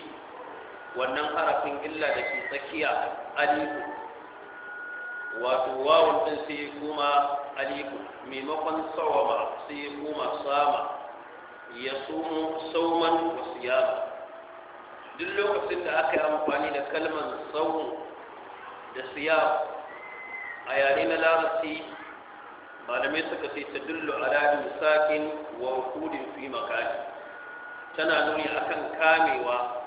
shi wannan harafin illa da ke tsakiya aliku wato wawon din sai ya koma aliku maimakon sawama sai ya sama ya sumo sauman wasu yaba duk lokacin da aka yi amfani da kalmar saumu da siya a yare na larabci malamai suka ce ta dullu ladin sakin wa hudin fi makani tana nuni akan kamewa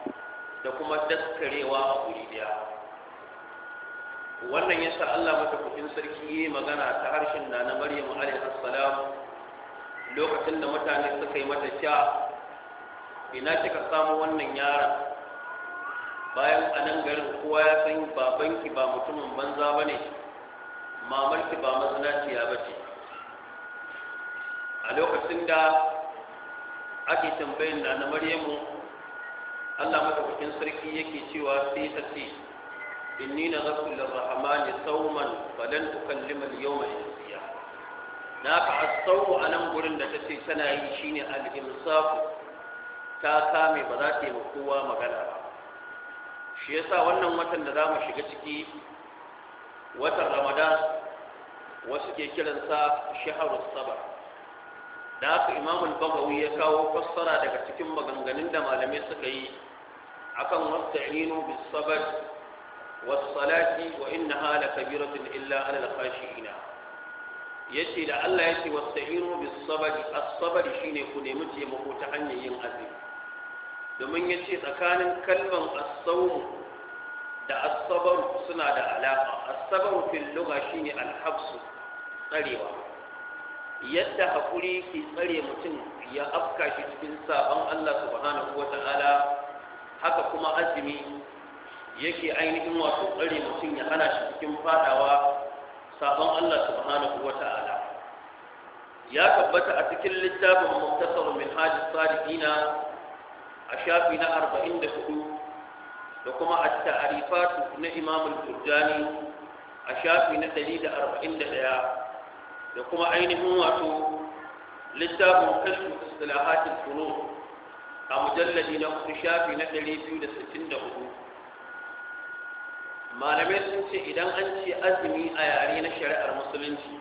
da kuma daskarewa a guri daya wannan yasa Allah madaukakin sarki yi magana ta harshen na na Maryam alaihi lokacin da mutane suka yi mata sha ina kika samu wannan yaron bayan a garin kowa ya san babanki ba mutumin banza bane mamarki ba mazinaciya bace a lokacin da ake tambayin na na Maryamu Allah madaukakin sarki yake cewa sai ta ce inni nazartu sauman balan falan mai al mai insiya na ka as a nan gurin da tace tana yi shine al-imsaq ta kame ba za ta yi kowa magana ba shi sa wannan watan da za mu shiga ciki watan ramadan wasu ke kiransa shaharus sabar da haka imamul bagawi ya kawo fassara daga cikin maganganun da malamai suka yi akan wasu bis sabr was wa innaha la kabiratun illa ala al Ya yace da Allah ce wasu bis sabr as shi ne ku nemi taimako ta hanyar yin azumi domin yace tsakanin kalman as da as suna da alaƙa. as fil lugha shine al-habs tsarewa yadda haƙuri ke tsare mutum ya afka shi cikin sabon Allah subhanahu wa ta'ala haka kuma azumi yake ainihin wato tsare mutum ya hana shi cikin fadawa sabon Allah subhanahu wa ta'ala ya tabbata a cikin littafin muktasar min hajji sadiqina a shafi na arba'in da hudu da kuma a ta'arifatu na imamul burjani a shafi na ɗari da arba'in da ɗaya da kuma ainihin wato littafin kashfu istilahatil qulub a mujalladi na hudu shafi na ɗari biyu da sittin da hudu malamai sun ce idan an ce azumi a yare na shari'ar musulunci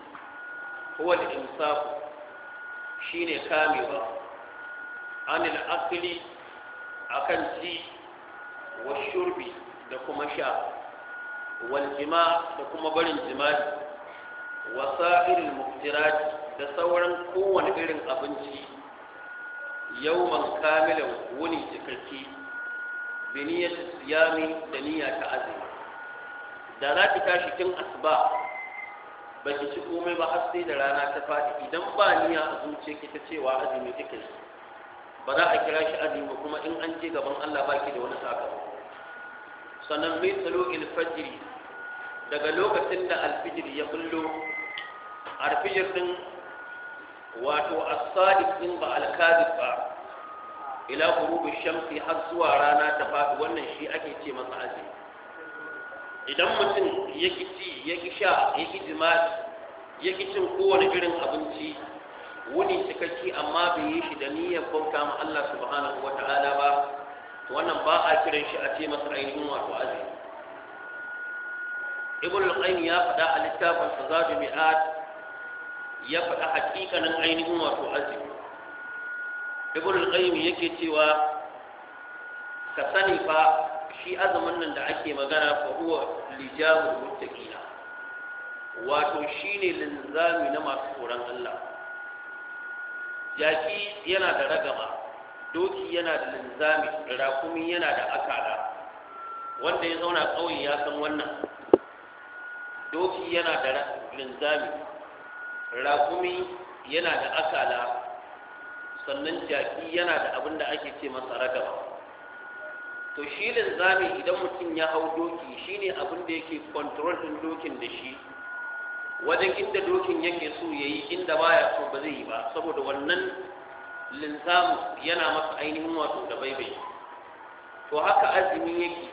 huwa da insafu shine kamewa anil a akan ci wa shurbi da kuma sha wal jima da kuma barin jima'i wasa'irul muftirat da sauran kowane irin abinci yawman kamilan wuni cikakke biniyat siyami da niyya ta azumi da za ki tashi kin asuba ba ki ci komai ba har sai da rana ta faɗi idan ba niyya a zuciya ki ta cewa azumi take yi ba za a kira shi azumi ba kuma in an je gaban Allah baki da wani sakamako sannan mai tsalo ilfajiri daga lokacin da alfijir ya bullo alfijir din wato as-sadiq din ba al-kadhib ba ila ghurubi shamsi har zuwa rana ta fadi wannan shi ake ce masa azumi idan mutum ya kici ya kisha ya kijima ya kicin kowane irin abinci wuni cikakki amma bai yi shi da niyyar bauta ma Allah subhanahu wa ta'ala ba to wannan ba a kiran shi a ce masa ainihin wato azumi ibn al-qayyim ya faɗa a littafin sa zadu mi'at ya faɗa hakikanin ainihin wato azumi ibn al-qayyim yake cewa ka sani fa shi azumin nan da ake magana fa huwa lijamul muttaqina wato shine linzami na masu tsoron Allah jaki yana da ragama doki yana da linzami rakumi yana da akala wanda ya zauna ƙauye ya san wannan doki yana da linzami rakumi yana da akala sannan jaki yana da abin da ake ce masa ragaba to shi linzami idan mutum ya hau doki shine abin da yake control din dokin da shi wajen inda dokin yake so ya yi inda baya so ba zai yi ba saboda wannan linzamu yana masa ainihin wato da baibai to haka azumi yake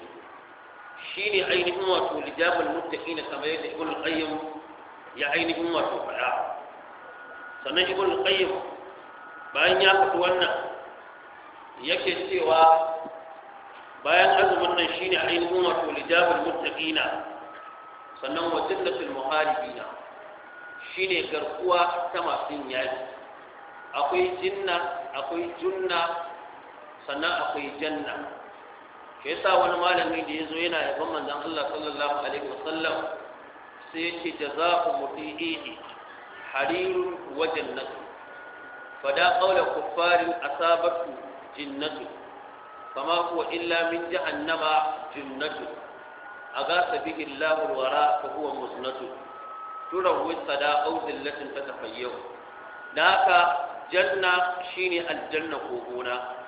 عين أمته لجاب المتقين كما يقول القيم يا عين أمته فلا سنجب القيم بأن يأخذ وأن يكشف و بأن أزم النشين عين أمته لجاب المتقين سنن وزلة المحاربين شين قرقوا كما سنجد أقوي جنة أقوي جنة سنأقوي جنة, أقوي جنة. ke sa wani malami da ya zo yana yaban manzon Allah sallallahu alaihi wasallam sai ya ce jazaa'u mutiihi harirun wa jannatu fada qawla kuffarin asabatu jinnatu fama huwa illa min jahannama jinnatu agasa bihi Allahu alwara fa huwa musnatu turawu sada aw dillatin tatafayyu naka janna shine aljanna ko gona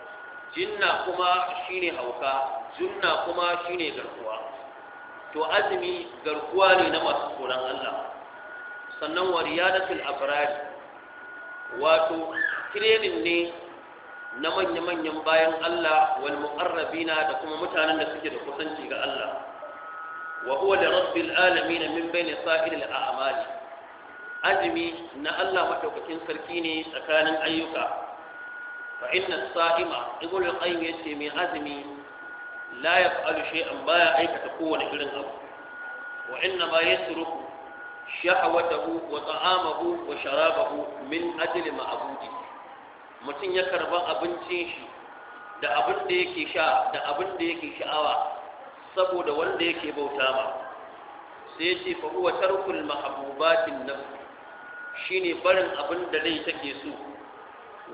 jinna kuma shine hauka junna kuma shine garkuwa to azumi garkuwa ne na masu tsoron Allah sannan wa riyadatul afrad wato training ne na manya-manyan bayan Allah wal muqarrabina da kuma mutanen da suke da kusanci ga Allah wa huwa li rabbil alamin min bayni sa'iril a'mali azumi na Allah madaukakin sarki ne tsakanin ayyuka fa inna sa'ima ibnu al-qayyim mai azumi la yaf'alu shay'an baya aikata kowane irin abu wa inna ma yasruku shahawatahu min mutum ya karba abincin shi da abin da yake sha da abin da yake sha'awa saboda wanda yake bauta ma sai ya ce fahuwa tarkul mahabubatin nan shine barin abin da rai take so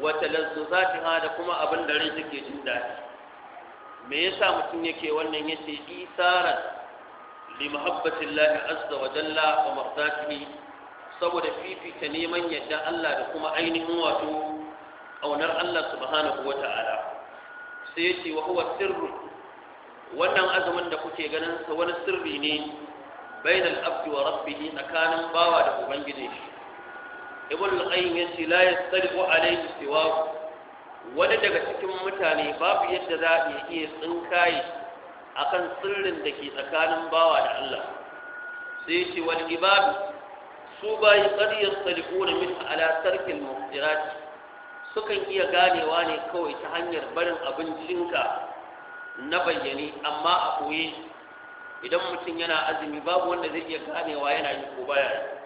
wata lazzuzati da kuma abin da rai suke jin daɗi me yasa mutum yake wannan yace isaran li muhabbatillahi azza wa jalla wa mardatihi saboda fifita neman yadda Allah da kuma ainihin wato ƙaunar Allah subhanahu wa ta'ala sai yace wa huwa sirru wannan azumin da kuke ganin sa wani sirri ne bainal abdi wa rabbihi tsakanin bawa da ubangijin shi ibn al-qayyim yace la yastariqu alayhi siwaq wani daga cikin mutane babu yadda za a iya tsinkaye akan sirrin da ke tsakanin bawa da Allah sai ce wal ibadu su bayi qad yastariquna min ala tarkil muftirat sukan iya ganewa ne kawai ta hanyar barin abincinka na bayyane amma a koye idan mutum yana azumi babu wanda zai iya ganewa yana yi ko baya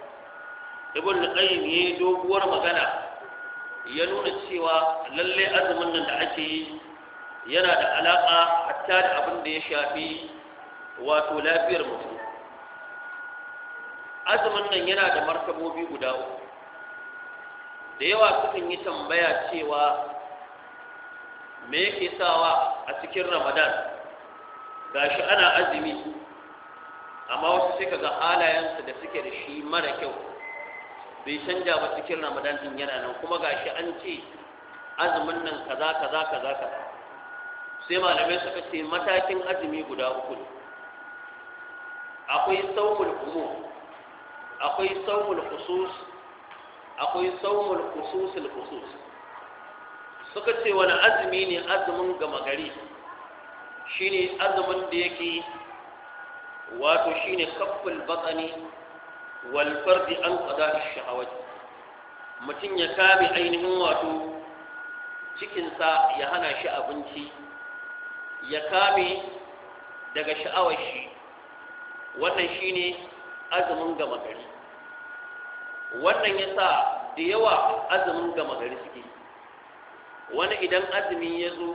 ibn al-qayyim yayi doguwar magana ya nuna cewa lalle azumin nan da ake yi yana da alaka hatta da abin da ya shafi wato lafiyar mutum azumin nan yana da martabobi guda uku da yawa sukan yi tambaya cewa me yake sawa a cikin ramadan gashi ana azumi amma wasu sai ga halayensu da suke da shi mara kyau bai canja ba cikin ramadan din yana nan kuma gashi an ce azumin nan kaza kaza kaza kaza sai malamai suka ce matakin azumi guda uku ne akwai saumul umum akwai saumul khusus akwai saumul khususul khusus suka ce wani azumi ne azumin gama gari shine azumin da yake wato shine kafful batsani wal an kada ash sha'awaci, mutum ya kame ainihin wato cikinsa ya hana shi abinci ya kame daga sha'awar shi wannan shi ne azumin gama gari wannan ya sa da yawa azumin gama gari suke wani idan azumi ya zo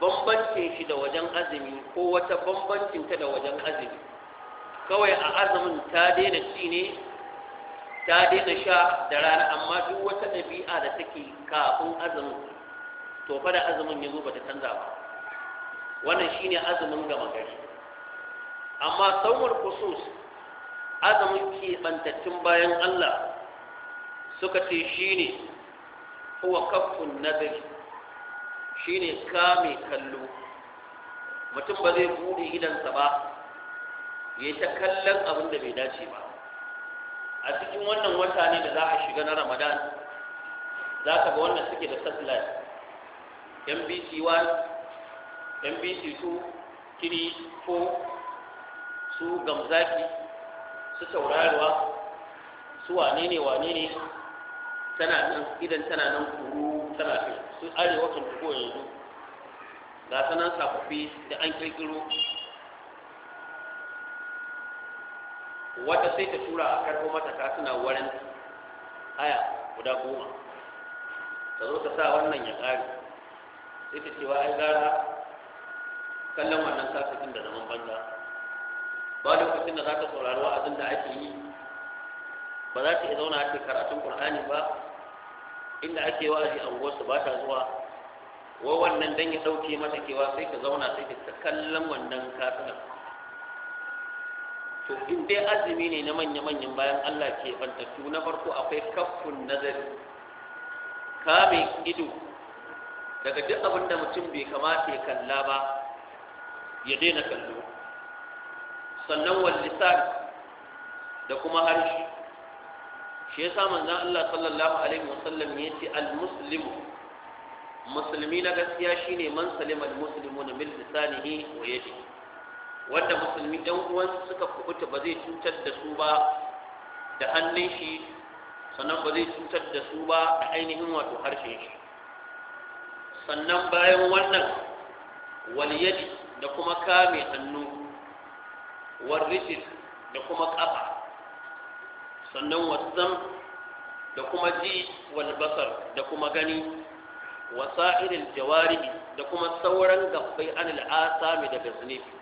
bambancin shi da wajen azumi ko wata bambancin da wajen azumi kawai a azumin ta daina ci ne ta daina sha da rana amma duk wata ɗabi'a da take kafin azumin to fa da azumin ya zo ta canza ba wannan shine azumin gama gari amma saumar kusus azumin keɓantattun bayan Allah suka ce shine huwa kaffun nazari shine kame kallo mutum ba zai buɗe gidansa ba ya yi ta kallon abin da bai dace ba a cikin wannan wata ne da za a shiga na ramadan za ka ga wanda suke da satellite mbc 1 mbc 2 3 4 su gamzaki su taurarwa su wane ne wane ne tana nan idan tana nan kuru tana fi su arewa kan tuko yanzu ga sanan safafi da an kirkiro wata sai ta tura a karɓo mata suna wurin haya guda goma ta zo ta sa wannan ya ƙare sai ta cewa ai gara kallon wannan kasafin da zaman banza ba lokacin da za ta saurari wa'azin da ake yi ba za ta iya zauna ake karatun ƙur'ani ba inda ake wa'azi a unguwarsu ba ta zuwa wa wannan dan ya ɗauke mata kewa sai ka zauna sai ka kallon wannan kasafin to in dai azumi ne na manya-manyan bayan Allah ke bantattu na farko akwai kafin nazari kame ido daga duk abin da mutum bai kamata ya kalla ba ya daina kallo sannan wallisan da kuma harshe shi ya sa manzan Allah sallallahu alaihi wasallam ya ce al-muslimu musulmi na gaskiya shine man salim al-muslimu na bil lisanihi wa yadihi wanda musulmi ɗan uwansu suka kubuta ba zai cutar da su ba da hannun shi sannan ba zai cutar da su ba da ainihin wato harshen shi sannan bayan wannan waliyadi da kuma kame hannu warrisis da kuma ƙafa sannan wasan da kuma ji walbasar da kuma gani wasa'irin jawari da kuma sauran gabbai an mai daga zunubi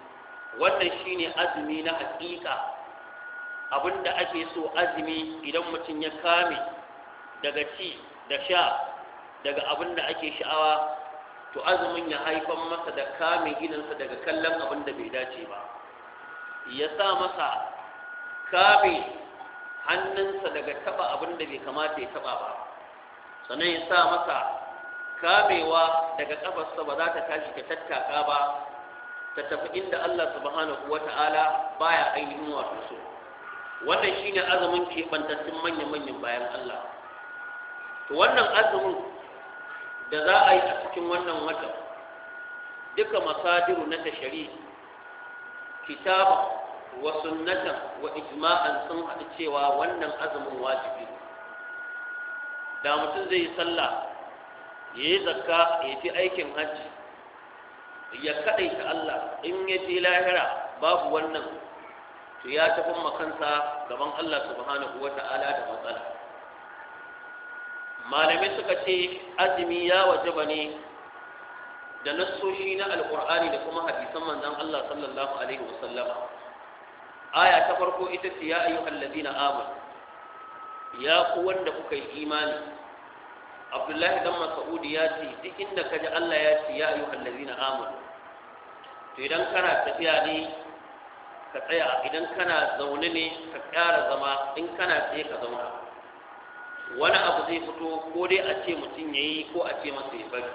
wannan shine azumi na hakika abinda ake so azumi idan mutum ya kame daga ci da sha daga abinda ake sha'awa to azumin ya haifan masa da kame gidansa daga kallon abinda bai dace ba ya sa masa kame hannunsa daga taba abinda bai kamata ya taba ba sannan ya sa masa kamewa daga kafarsa ba za ta tashi ta tattaka ba ta tafi inda Allah subhanahu wata'ala baya ainihin wato so wannan shine azumin keɓantattun manya-manyan bayan Allah to wannan azumin da za a yi a cikin wannan watan duka masadiru na tashari kitaba wa sunnatan wa ijma'an sun haɗu cewa wannan azumin wajibi da mutum zai yi sallah ya yi zakka ya fi aikin hajji ya kaɗaita Allah in ya je lahira babu wannan to ya tafi makansa gaban Allah subhanahu wa ta'ala da matsala malamai suka ce azumi ya wajaba ne da nassoshi na Alƙur'ani da kuma hadisan manzon Allah sallallahu alaihi wa sallama aya ta farko ita ce ya ayyuhal ladina amanu ya ku wanda kuka yi imani Abdullahi dan Mas'ud ya ce duk inda kaji Allah ya ce ya ayyuhal ladina amanu idan kana tafiya ne ka tsaya idan kana zaune ne ka ƙara zama in kana tsaye ka zauna wani abu zai fito ko dai a ce mutum ya yi ko a ce masa ya bari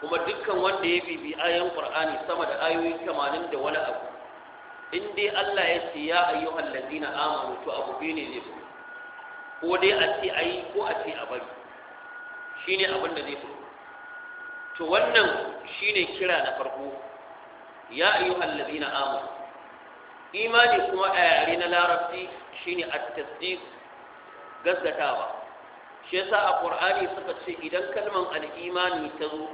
kuma dukkan wanda ya bibi ayan ƙur'ani sama da ayoyi kamanin da wani abu in dai Allah ya ce ya ayyuhal ladina amanu to abu biyu ne zai fito ko dai a ce a yi ko a ce a bari shine abin da zai fito to wannan shine kira na farko ya ayyuhal ladina amanu imani kuma a na larabci shine at-tasdiq gaskatawa shi yasa a ƙur'ani suka ce idan kalman al-imani ta zo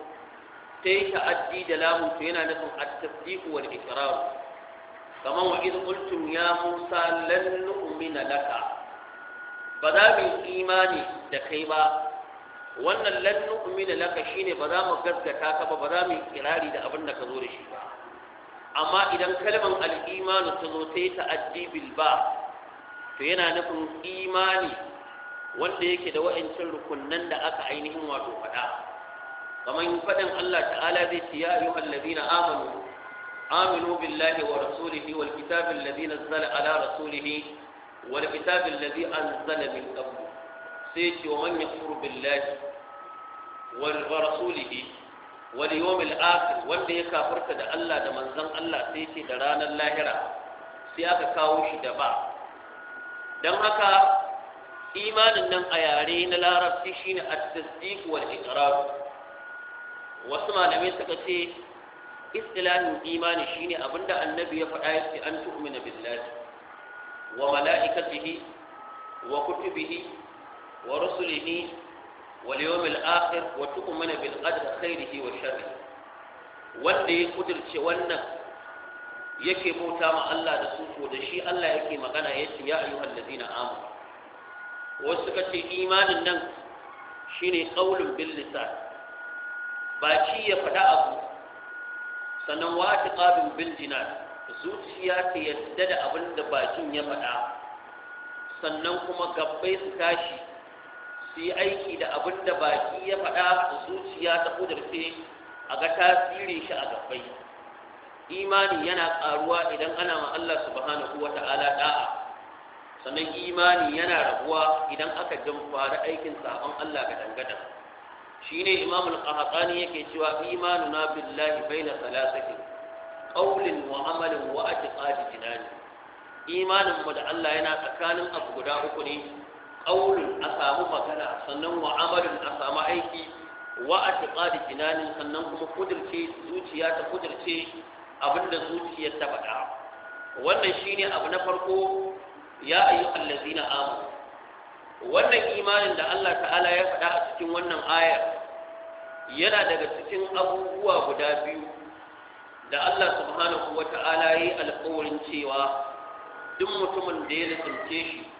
ta yi ta'addi da lamun to yana nufin at-tasdiq wal iqrar ya musa laka ba za mu imani da kai ba wannan lan nu'mina laka shine ba za mu gaskata ka ba ba za mu kirari da abin da ka zo da shi ba amma idan kalman al-imanu ta zo ta yi bil ba to yana nufin imani wanda yake da wa'ancin rukunnan da aka ainihin wato fada kamar faɗin Allah ta'ala zai ce ya ayyuhal ladina amanu aminu billahi wa rasulihi wal kitabi آمنوا nazzala ala rasulihi wal kitabi على anzala min الذي sai من wa man ومن billahi wa rasulihi Wani yawmil akhir wanda ya kafirta da Allah da manzon Allah sai ce da ranar lahira sai aka kawo shi da ba dan haka imanin nan a yare na larabci shine at-tasdiq wal iqrar wasu malamai suka ce istilahin imani shine abinda annabi ya faɗa yake an tu'mina billahi wa mala'ikatihi wa kutubihi wa rusulihi واليوم الآخر وتؤمن بالقدر خيره وشره wanda ya kudirce wannan yake bauta ma Allah da su to da shi Allah yake magana yace ya ayyuhal ladina amanu wasu suka ce imanin nan shine qaulun bil lisan ba ci ya faɗa abu sannan wa tiqabun bil jinan zuciya ta yadda da abin da bakin ya faɗa sannan kuma gabbai su tashi su yi aiki da abin da baki ya faɗa a zuciya ta kudurce a ga tasirin shi a gabbai imani yana ƙaruwa idan ana ma Allah subhanahu wa ta'ala da'a sannan imani yana rabuwa idan aka fara aikin sabon Allah ga Shi shine Imam al-Qahtani yake cewa imanuna billahi baina salasatin qawlin wa amalin wa i'tiqadi jinani imanin mu da Allah yana tsakanin abu guda uku ne ƙaunin a samu magana sannan wa a samu aiki wa a tiƙa kinanin sannan kuma kudirce zuciya ta kudirce abinda zuciyar ta faɗa wannan shine abu na farko ya ayyu allazina amu wannan imanin da Allah ta'ala ya faɗa a cikin wannan ayar yana daga cikin abubuwa guda biyu da Allah subhanahu wa ta'ala ya yi alƙawarin cewa duk mutumin da ya lissince shi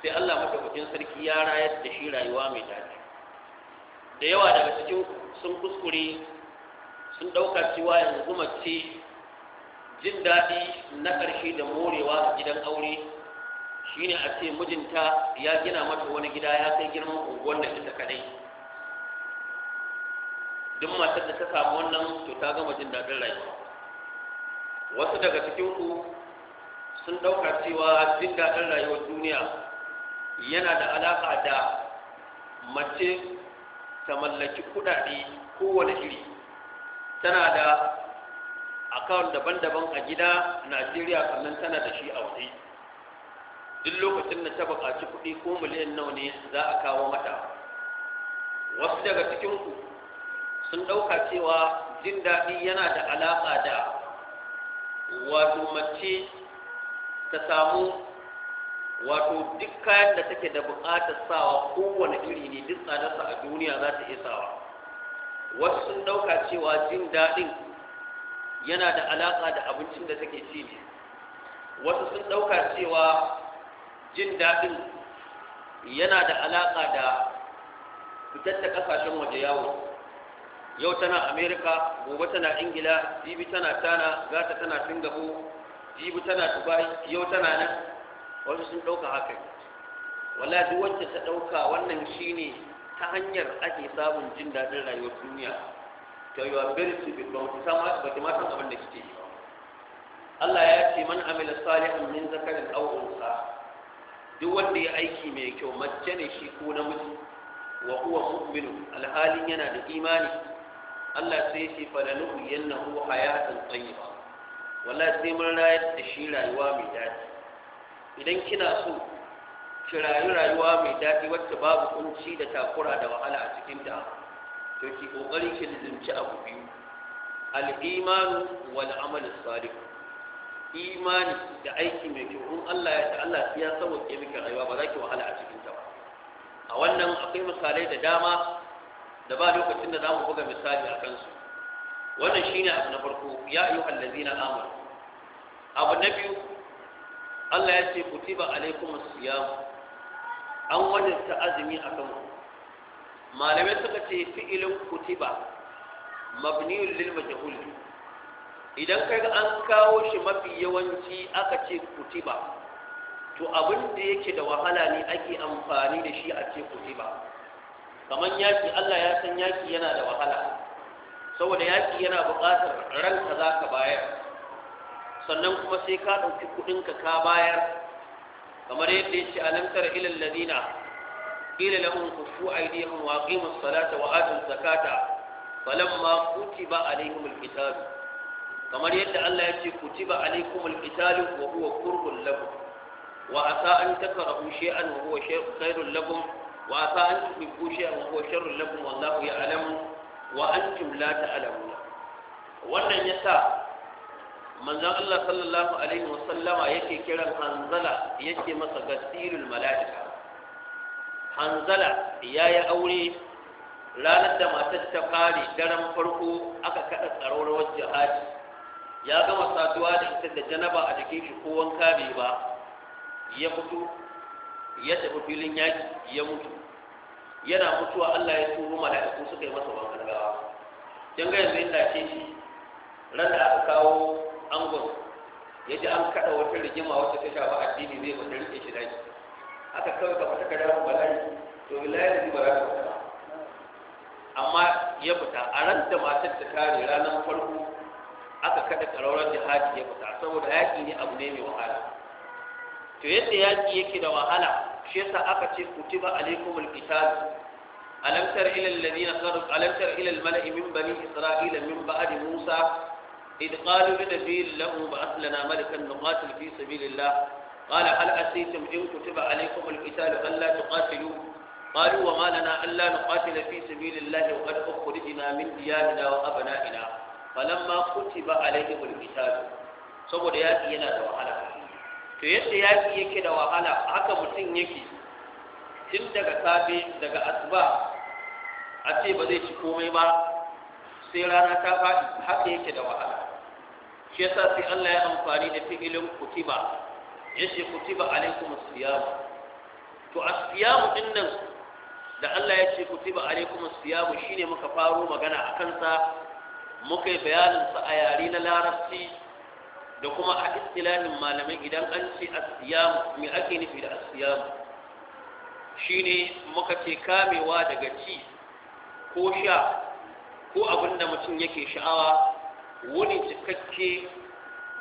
sai Allah madaukakin sarki ya rayar da shi rayuwa mai daɗi da yawa daga cikin sun kuskure sun ɗauka cewa yanzu mace jin daɗi na ƙarshe da morewa a gidan aure shine a ce mijinta ya gina mata wani gida ya kai girman unguwar da ita kadai duk matar da ta samu wannan to ta gama jin daɗin rayuwa wasu daga cikin ku sun ɗauka cewa jin daɗin rayuwar duniya yana da alaƙa da mace ta mallaki kuɗaɗe kowane iri tana da akawun daban-daban a gida najeriya sannan tana da shi a waje duk lokacin da ta buƙaci kuɗi ko miliyan nawa ne za a kawo mata wasu daga cikinku sun ɗauka cewa jin daɗi yana da alaƙa da wato mace ta samu wato duk kayan da take da buƙatar sawa kowane iri ne duk tsadarsa a duniya za ta iya sawa wasu sun ɗauka cewa jin daɗin yana da alaƙa da abincin da take ci ne wasu sun ɗauka cewa jin daɗin yana da alaƙa da fitar da ƙasashen waje yawo yau tana amerika gobe tana ingila jibi tana tana gata tana singapore jibi tana dubai yau tana nan wasu sun ɗauka haka wala duk wacce ta ɗauka wannan shine ta hanyar ake samun jin daɗin rayuwar duniya Ta you are very bi ba mutum sama ba ta matan abin da kike yi ba Allah ya ce man amila salihan min zakarin aw unsa duk wanda ya aiki mai kyau mace ne shi ko namiji wa huwa mu'minu alhalin yana da imani Allah sai ce falanuhu yannahu hayatan tayyiba wala sai mun rayar da shi rayuwa mai daɗi idan kina so ki rayu rayuwa mai daɗi wacce babu kunci da takura da wahala a cikin cikinta to ki kokari ki lizimci abu biyu al-imanu wal amal salih imani da aiki mai kyau in Allah ya ta Allah ya sauke miki rayuwa ba za ki wahala a cikinta ba a wannan akwai misalai da dama da ba lokacin da za mu buga misali a kansu wannan shine abu na farko ya ayyuhal ladina amanu abu na biyu Allah ya ce kutiba alaikum siyam an ta azumi a ku malamai suka ce fi'ilin kutiba mabniyun lil majhul idan kai an kawo shi mafi yawanci aka ce kutiba to abin da yake da wahala ne ake amfani da shi a ce kutiba kamar yaki Allah ya san yaki yana da wahala saboda yaki yana buƙatar ranka za ka bayar sannan kuma sai ka ɗauki kuɗinka ka bayar kamar yadda ya ce alamtar ilal ladina qila lahum kufu aydihim wa aqimus salata wa atuz zakata falamma kutiba alaihimul qital kamar yadda Allah ya ce kutiba alaikumul qital wa huwa kurhun lakum wa asa an takrahu shay'an wa huwa khairul lakum wa asa an tuhibbu shay'an wa huwa sharrul lakum wallahu ya'lamu wa antum la ta'lamun wannan yasa manzon Allah sallallahu alaihi wasallama yake kiran hanzala yake masa gasirul mala'ika hanzala ya yi aure ranar da matar ta fari daren farko aka kaɗa wajen haji ya gama saduwa da ita da janaba a jikin shi ko wanka bai ba ya fito ya tafi filin yaki ya mutu yana mutuwa Allah ya turo mala'iku suka yi masa ban gawa. yanzu shi ran da aka kawo angon ya ji an kaɗa wata rigima wata ta shafa addini zai wata rike shi daji aka kawai ka fita kada mun bala'i to billahi da ba za ta fita amma ya fita a ran da matar ta kare ranar farko aka kada karaurar jihadi ya fita saboda yaƙi ne abu ne mai wahala to yadda yaƙi yake da wahala shi yasa aka ce kutiba alaikumul qital alam tara ila alladhina qalu alam tara ila almala'i min bani isra'ila min ba'di musa إذ قالوا لنبي له بعث لنا ملكا نقاتل في سبيل الله قال هل أسيتم إن كتب عليكم القتال ألا تقاتلوا قالوا وما لنا ألا نقاتل في سبيل الله وقد أخرجنا من ديارنا وأبنائنا فلما كتب عليهم القتال saboda yaƙi yana da wahala to yadda yaƙi yake da wahala haka mutum yake tun daga safe daga asuba a ce ba zai ci komai ba sai rana ta faɗi haka yake da wahala shi yasa sai Allah ya amfani da fi'ilin kutiba yace kutiba alaikum as to Asiyamu din nan da Allah ya ce kutiba alaikum Siyamu shine muka faro magana akan sa muka yi bayanin sa a yare na larabci da kuma a istilahin malamai idan an ce Asiyamu siyam me ake nufi da Asiyamu? shine muka ce kamewa daga ci ko sha ko abin da mutum yake sha'awa wani cikakke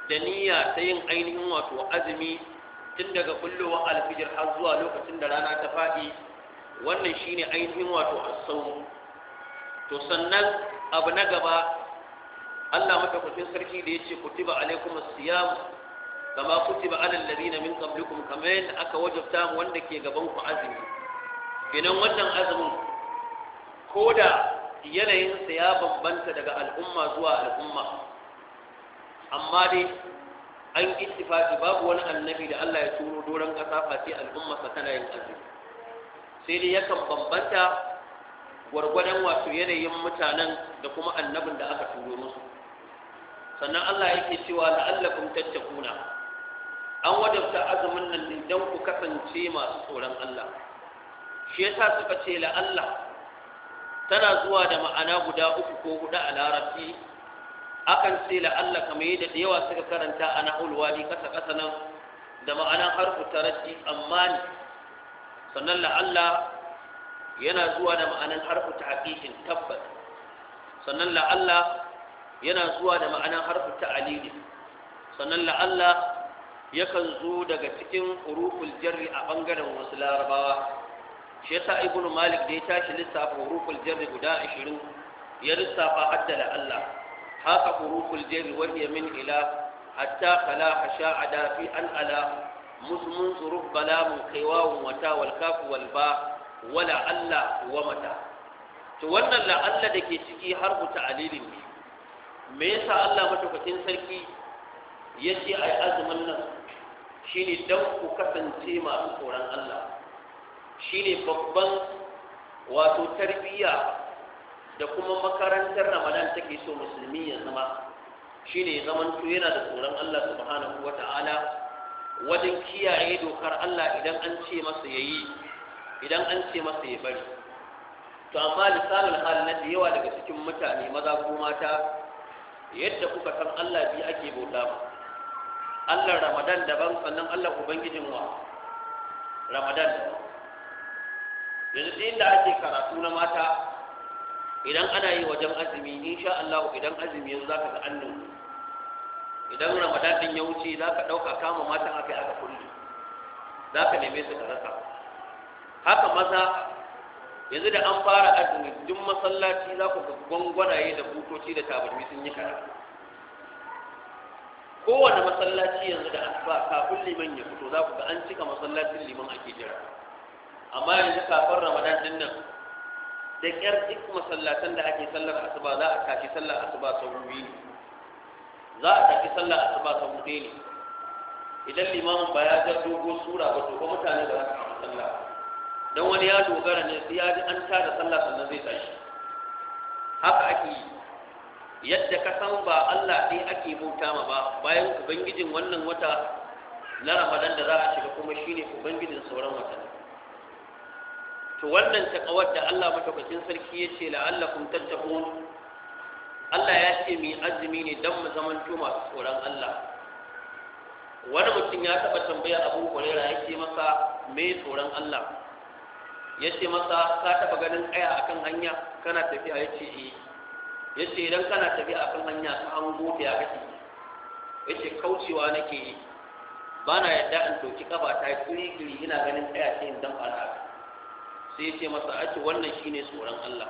da niyya ta yin ainihin wato azumi tun daga kullowa alfijir har zuwa lokacin da rana ta faɗi wannan shine ainihin wato asau to sannan abu na gaba Allah madaukakin sarki da yace kutiba alaikum siyam kama kutiba alal ladina min qablikum kama yadda aka wajabta mu wanda ke gaban ku azumi kenan wannan azumin koda yanayinsa ya bambanta daga al'umma zuwa al'umma amma dai an ittifaki babu wani annabi da Allah ya turo doron ƙasa face al'umma sa tana yin azumi sai dai yakan bambanta gwargwadon wato yanayin mutanen da kuma annabin da aka turo musu sannan Allah yake cewa la'allakum tattakuna an wadabta azumin nan don ku kasance masu tsoron Allah shi yasa suka ce la'alla tana zuwa da ma'ana guda uku ko hudu a larabci akan ce la'alla kamar yadda da yawa suka karanta a nahul kasa kasa nan da ma'anan harfu taraddi tsammani sannan la'alla yana zuwa da ma'anan harfu haƙiƙin tabbas. sannan la'alla yana zuwa da ma'anan harfu ta'lil sannan la'alla yakan zo daga cikin huruful jarri a bangaren wasu larabawa shi yasa ibn malik da ya tashi lissafa huruful jarri guda 20 ya lissafa haddala Allah haka huruful jarri wa hiya min ila hatta khala hasha'ada fi an ala musmun zuruf balamun kaiwawun wata wal kafu wal ba wala Allah wa mata to wannan la Allah dake ciki har harfu ta'lilin ne me yasa Allah madaukakin sarki yace ai azumin nan shine dan ku kasance masu tsoron Allah Shi ne babban wato tarbiyya da kuma makarantar ramadan take so musulmi ya zama shine zaman zamanto yana da tsoron Allah subhanahu ta'ala wajen kiyaye dokar Allah idan an ce masa ya yi, idan an ce masa ya bari to amma lisanin hali na da yawa daga cikin mutane maza ko mata yadda kuka san Allah bi ake bauta ba Allah Ramadan daban sannan Allah ubangijin wa Ramadan daban yanzu ɗin da ake karatu na mata idan ana yi wajen azumi insha Allah idan azumi yanzu zaka ga annu idan ramadan din ya wuce zaka dauka kama matan akai aka kulli zaka neme su karasa haka maza yanzu da an fara azumi duk masallaci za ku ga gwangwanaye da butoci da tabarmi sun yi karatu kowane masallaci yanzu da an ba kafin liman ya fito za ku ga an cika masallacin liman ake jira amma yanzu kafin ramadan din nan da ƙyar duk masallatan da ake sallar asuba za a tashi sallar asuba sau biyu ne za a tashi sallar asuba sau biyu ne idan limamin ba ya ga dogon sura ba to ba mutane da za su sallah don wani ya dogara ne sai ya ji an tada sallah sannan zai tashi haka ake yi yadda ka san ba Allah ɗai ake bauta ma ba bayan ubangijin wannan wata na Ramadan da za a shiga kuma shine ubangijin sauran watanni to wannan takawar da Allah madaukakin sarki ya ce la'allakum tattaqun Allah ya ce mai azumi ne dan mu zamanto masu tsoron Allah wani mutum ya taɓa tambaya Abu Hurairah ya ce masa me tsoron Allah ya ce masa ka taɓa ganin tsaya akan hanya kana tafiya ya ce eh ya ce idan kana tafiya akan hanya ka hango ya kake ya ce kaucewa nake yi ba na yadda in ɗauki ƙafa ta kiri kiri ina ganin tsaya ce in dan al'ada sai ya ce masa ake wannan shine tsoron Allah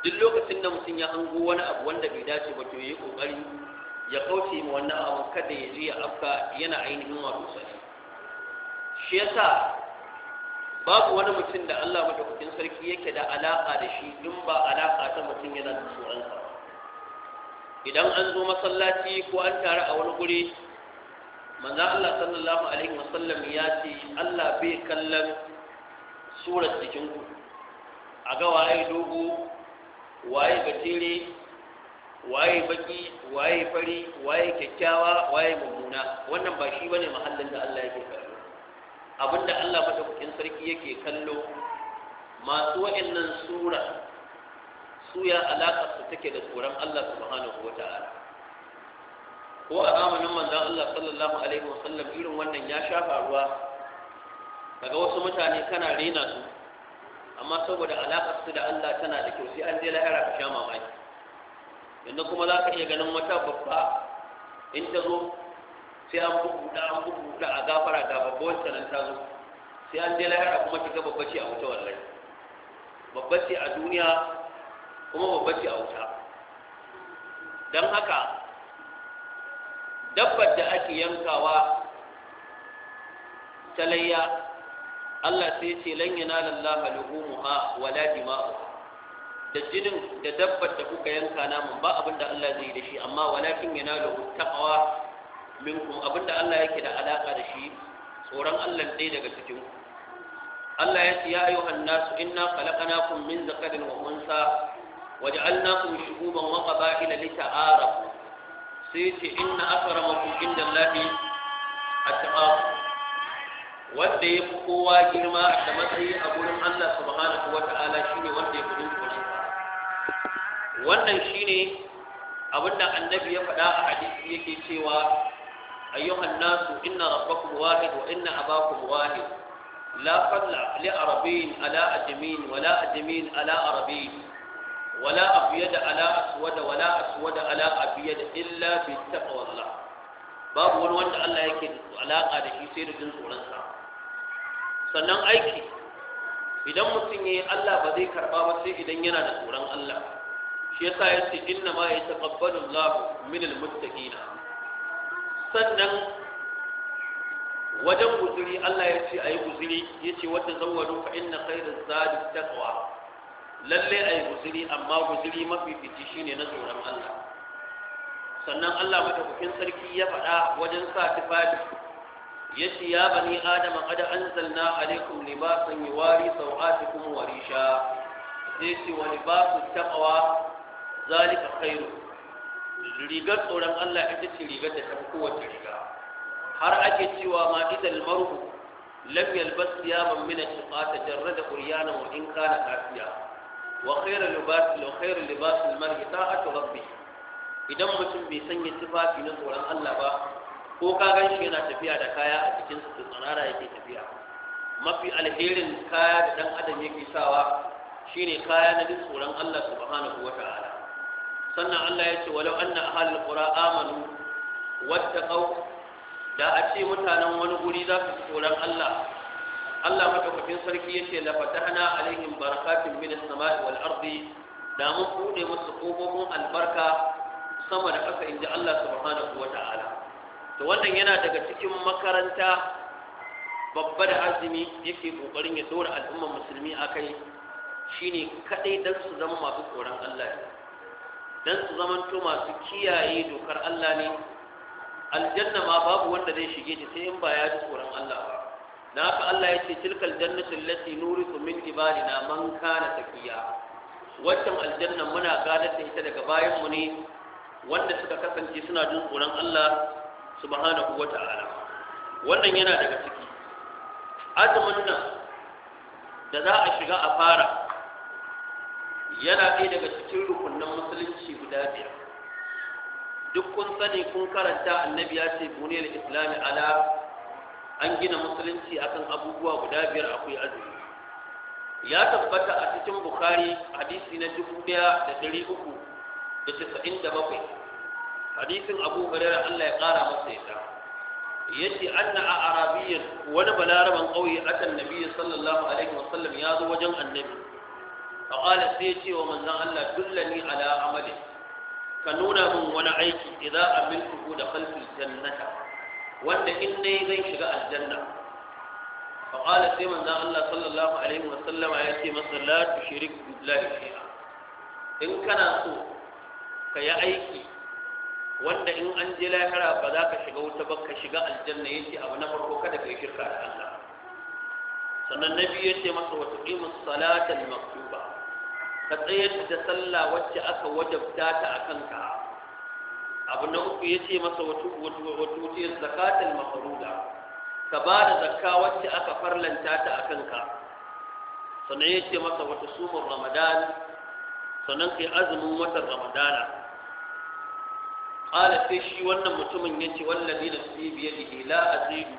duk lokacin da mutum ya hango wani abu wanda bai dace ba to yayi kokari ya kauce ma wannan abu kada ya je ya afka yana ainihin wato sani shi yasa babu wani mutum da Allah madaukakin sarki yake da alaka da shi in ba alaka ta mutum yana da tsoron sa idan an zo masallaci ko an tare a wani guri manzo Allah sallallahu alaihi wasallam ya ce Allah bai kallon surar jikinku a ga waye dogo waye gajere waye baki waye fari waye kyakkyawa waye mummuna wannan ba shi bane mahallin da Allah yake kallo abinda Allah madaukakin sarki yake kallo masu wa'annan sura suya alaka su take da tsoron Allah subhanahu wata'ala ko a zamanin manzon Allah sallallahu alaihi wasallam irin wannan ya sha faruwa daga wasu mutane kana rena su amma saboda alaƙar su da Allah tana da kyau sai an je lahira ka sha mamaki yanzu kuma za ka iya ganin wata babba in ta zo sai an da an da a gafara ga babba wacce nan ta zo sai an je lahira kuma ki ga babba ce a wuta wallahi babba ce a duniya kuma babba ce a wuta don haka dabbar da ake yankawa ta layya Allah sai ce lan yanala Allah luhumuha wala dima'u da jinin da dabbar da kuka yanka namun ba abinda Allah zai da shi amma walakin yanalu taqwa minkum abinda Allah yake da alaka da shi tsoron Allah dai daga cikin Allah ya ce ya ayyuhan nasu inna khalaqnakum min zakarin wa unsa waj'alnakum shu'uban wa qaba'ila lita'arafu sai ce inna akramakum inda Allah at-taqwa wanda ya fi kowa girma da matsayi a gurin Allah subhanahu wata'ala shine wanda ya fi shi. wannan shine abinda annabi ya faɗa a hadisi yake cewa ayyuhan nasu inna rabbakum wahid wa inna abakum wahid la fadla li arabin ala ajmin wa la ajmin ala arabin wa la abyad ala aswad wa la aswad ala abyad illa bi taqwa Allah babu wani wanda Allah yake alaka da shi sai da jin tsoron sa sannan aiki idan mutum ya yi Allah ba zai karɓa ba sai idan yana da tsoron Allah shi yasa ya ce inna ma ya taqabbalu Allah min almuttaqina sannan wajen guzuri Allah ya ce ayi guzuri ya ce wata zawwadu fa inna khairaz zadi taqwa lalle ayi guzuri amma guzuri mafi fici shine na tsoron Allah sannan Allah madaukakin sarki ya faɗa wajen sa tufafi yace ya bani adam qad anzalna alaykum libasan yuwari sawatikum wa risha yace wa libasu taqwa zalika khairu rigar tsoron Allah ita ce rigar da ta fi kowace riga har ake cewa ma idal marhu lam yalbas siyaman min ash-shiqata jarrada quryana wa in kana kafiya wa khairu libas wa khairu libas al-mar'i ta'atu rabbih idan mutum bai sanya tufafi na tsoron Allah ba ko ka gan shi yana tafiya da kaya a cikin su tsanara yake tafiya mafi alherin kaya da dan adam yake sawa shine kaya na duk tsoron Allah subhanahu sannan Allah ya ce walau anna ahlul qura amanu wattaqau da a ce mutanen wani guri za su tsoron Allah Allah madaukakin sarki yace la fatahna alaihim barakatin minas sama'i wal ardi da mun bude musu kofofin albarka sama da ƙasa inda Allah subhanahu to wannan yana daga cikin makaranta babba da azumi yake kokarin ya dora al'ummar musulmi akai shine kadai dan su zama masu tsoron Allah dan su zamanto masu kiyaye dokar Allah ne aljanna ma babu wanda zai shige ta sai in ba ya ji tsoron Allah ba na haka Allah ya ce tilkal jannatu allati nurisu min ibadina man kana taqiya waccan aljanna muna gadar da ita daga bayan mu ne wanda suka kasance suna jin tsoron Allah subhanahu wa ta'ala wannan yana daga ciki azumin nan da za a shiga a fara yana ɗaya daga cikin rukunin musulunci guda biyar duk kun sani kun karanta annabi ya ce da islami ala an gina musulunci akan abubuwa guda biyar akwai azumi ya tabbata a cikin bukhari hadisi na dubu ɗaya da ɗari uku da casa'in da bakwai hadisin abu hurairah Allah ya kara masa ya yasa yace anna a Arabiyyar, wani balaraban kauye atan nabiyyi sallallahu alaihi wasallam ya zo wajen annabi fa qala sai yace wa manzan Allah dulla ni ala amali ka nuna min wani aiki idan amiltu da khalqil jannata wanda in na nayi zan shiga aljanna فقال سيما ذا الله صلى ya ce masa la مثلا لا تشرك بالله In kana so ka yi aiki. wanda in an je lahira ba za ka shiga wuta ba ka shiga aljanna yace abu na farko kada ka yi shirka da Allah sannan na nabi yace masa wa tuqimus salata al-maktuba ka tsayar da sallah wacce aka wajabta ta akan ka abu na uku yace masa wa tuqi zakata al-mafruda ka ba da zakka wacce aka farlanta ta akan ka sannan yace masa wa tusumur ramadan sannan kai azumin watan ramadana qala sai shi wannan mutumin yace wallazi nafsi bi yadihi la azidu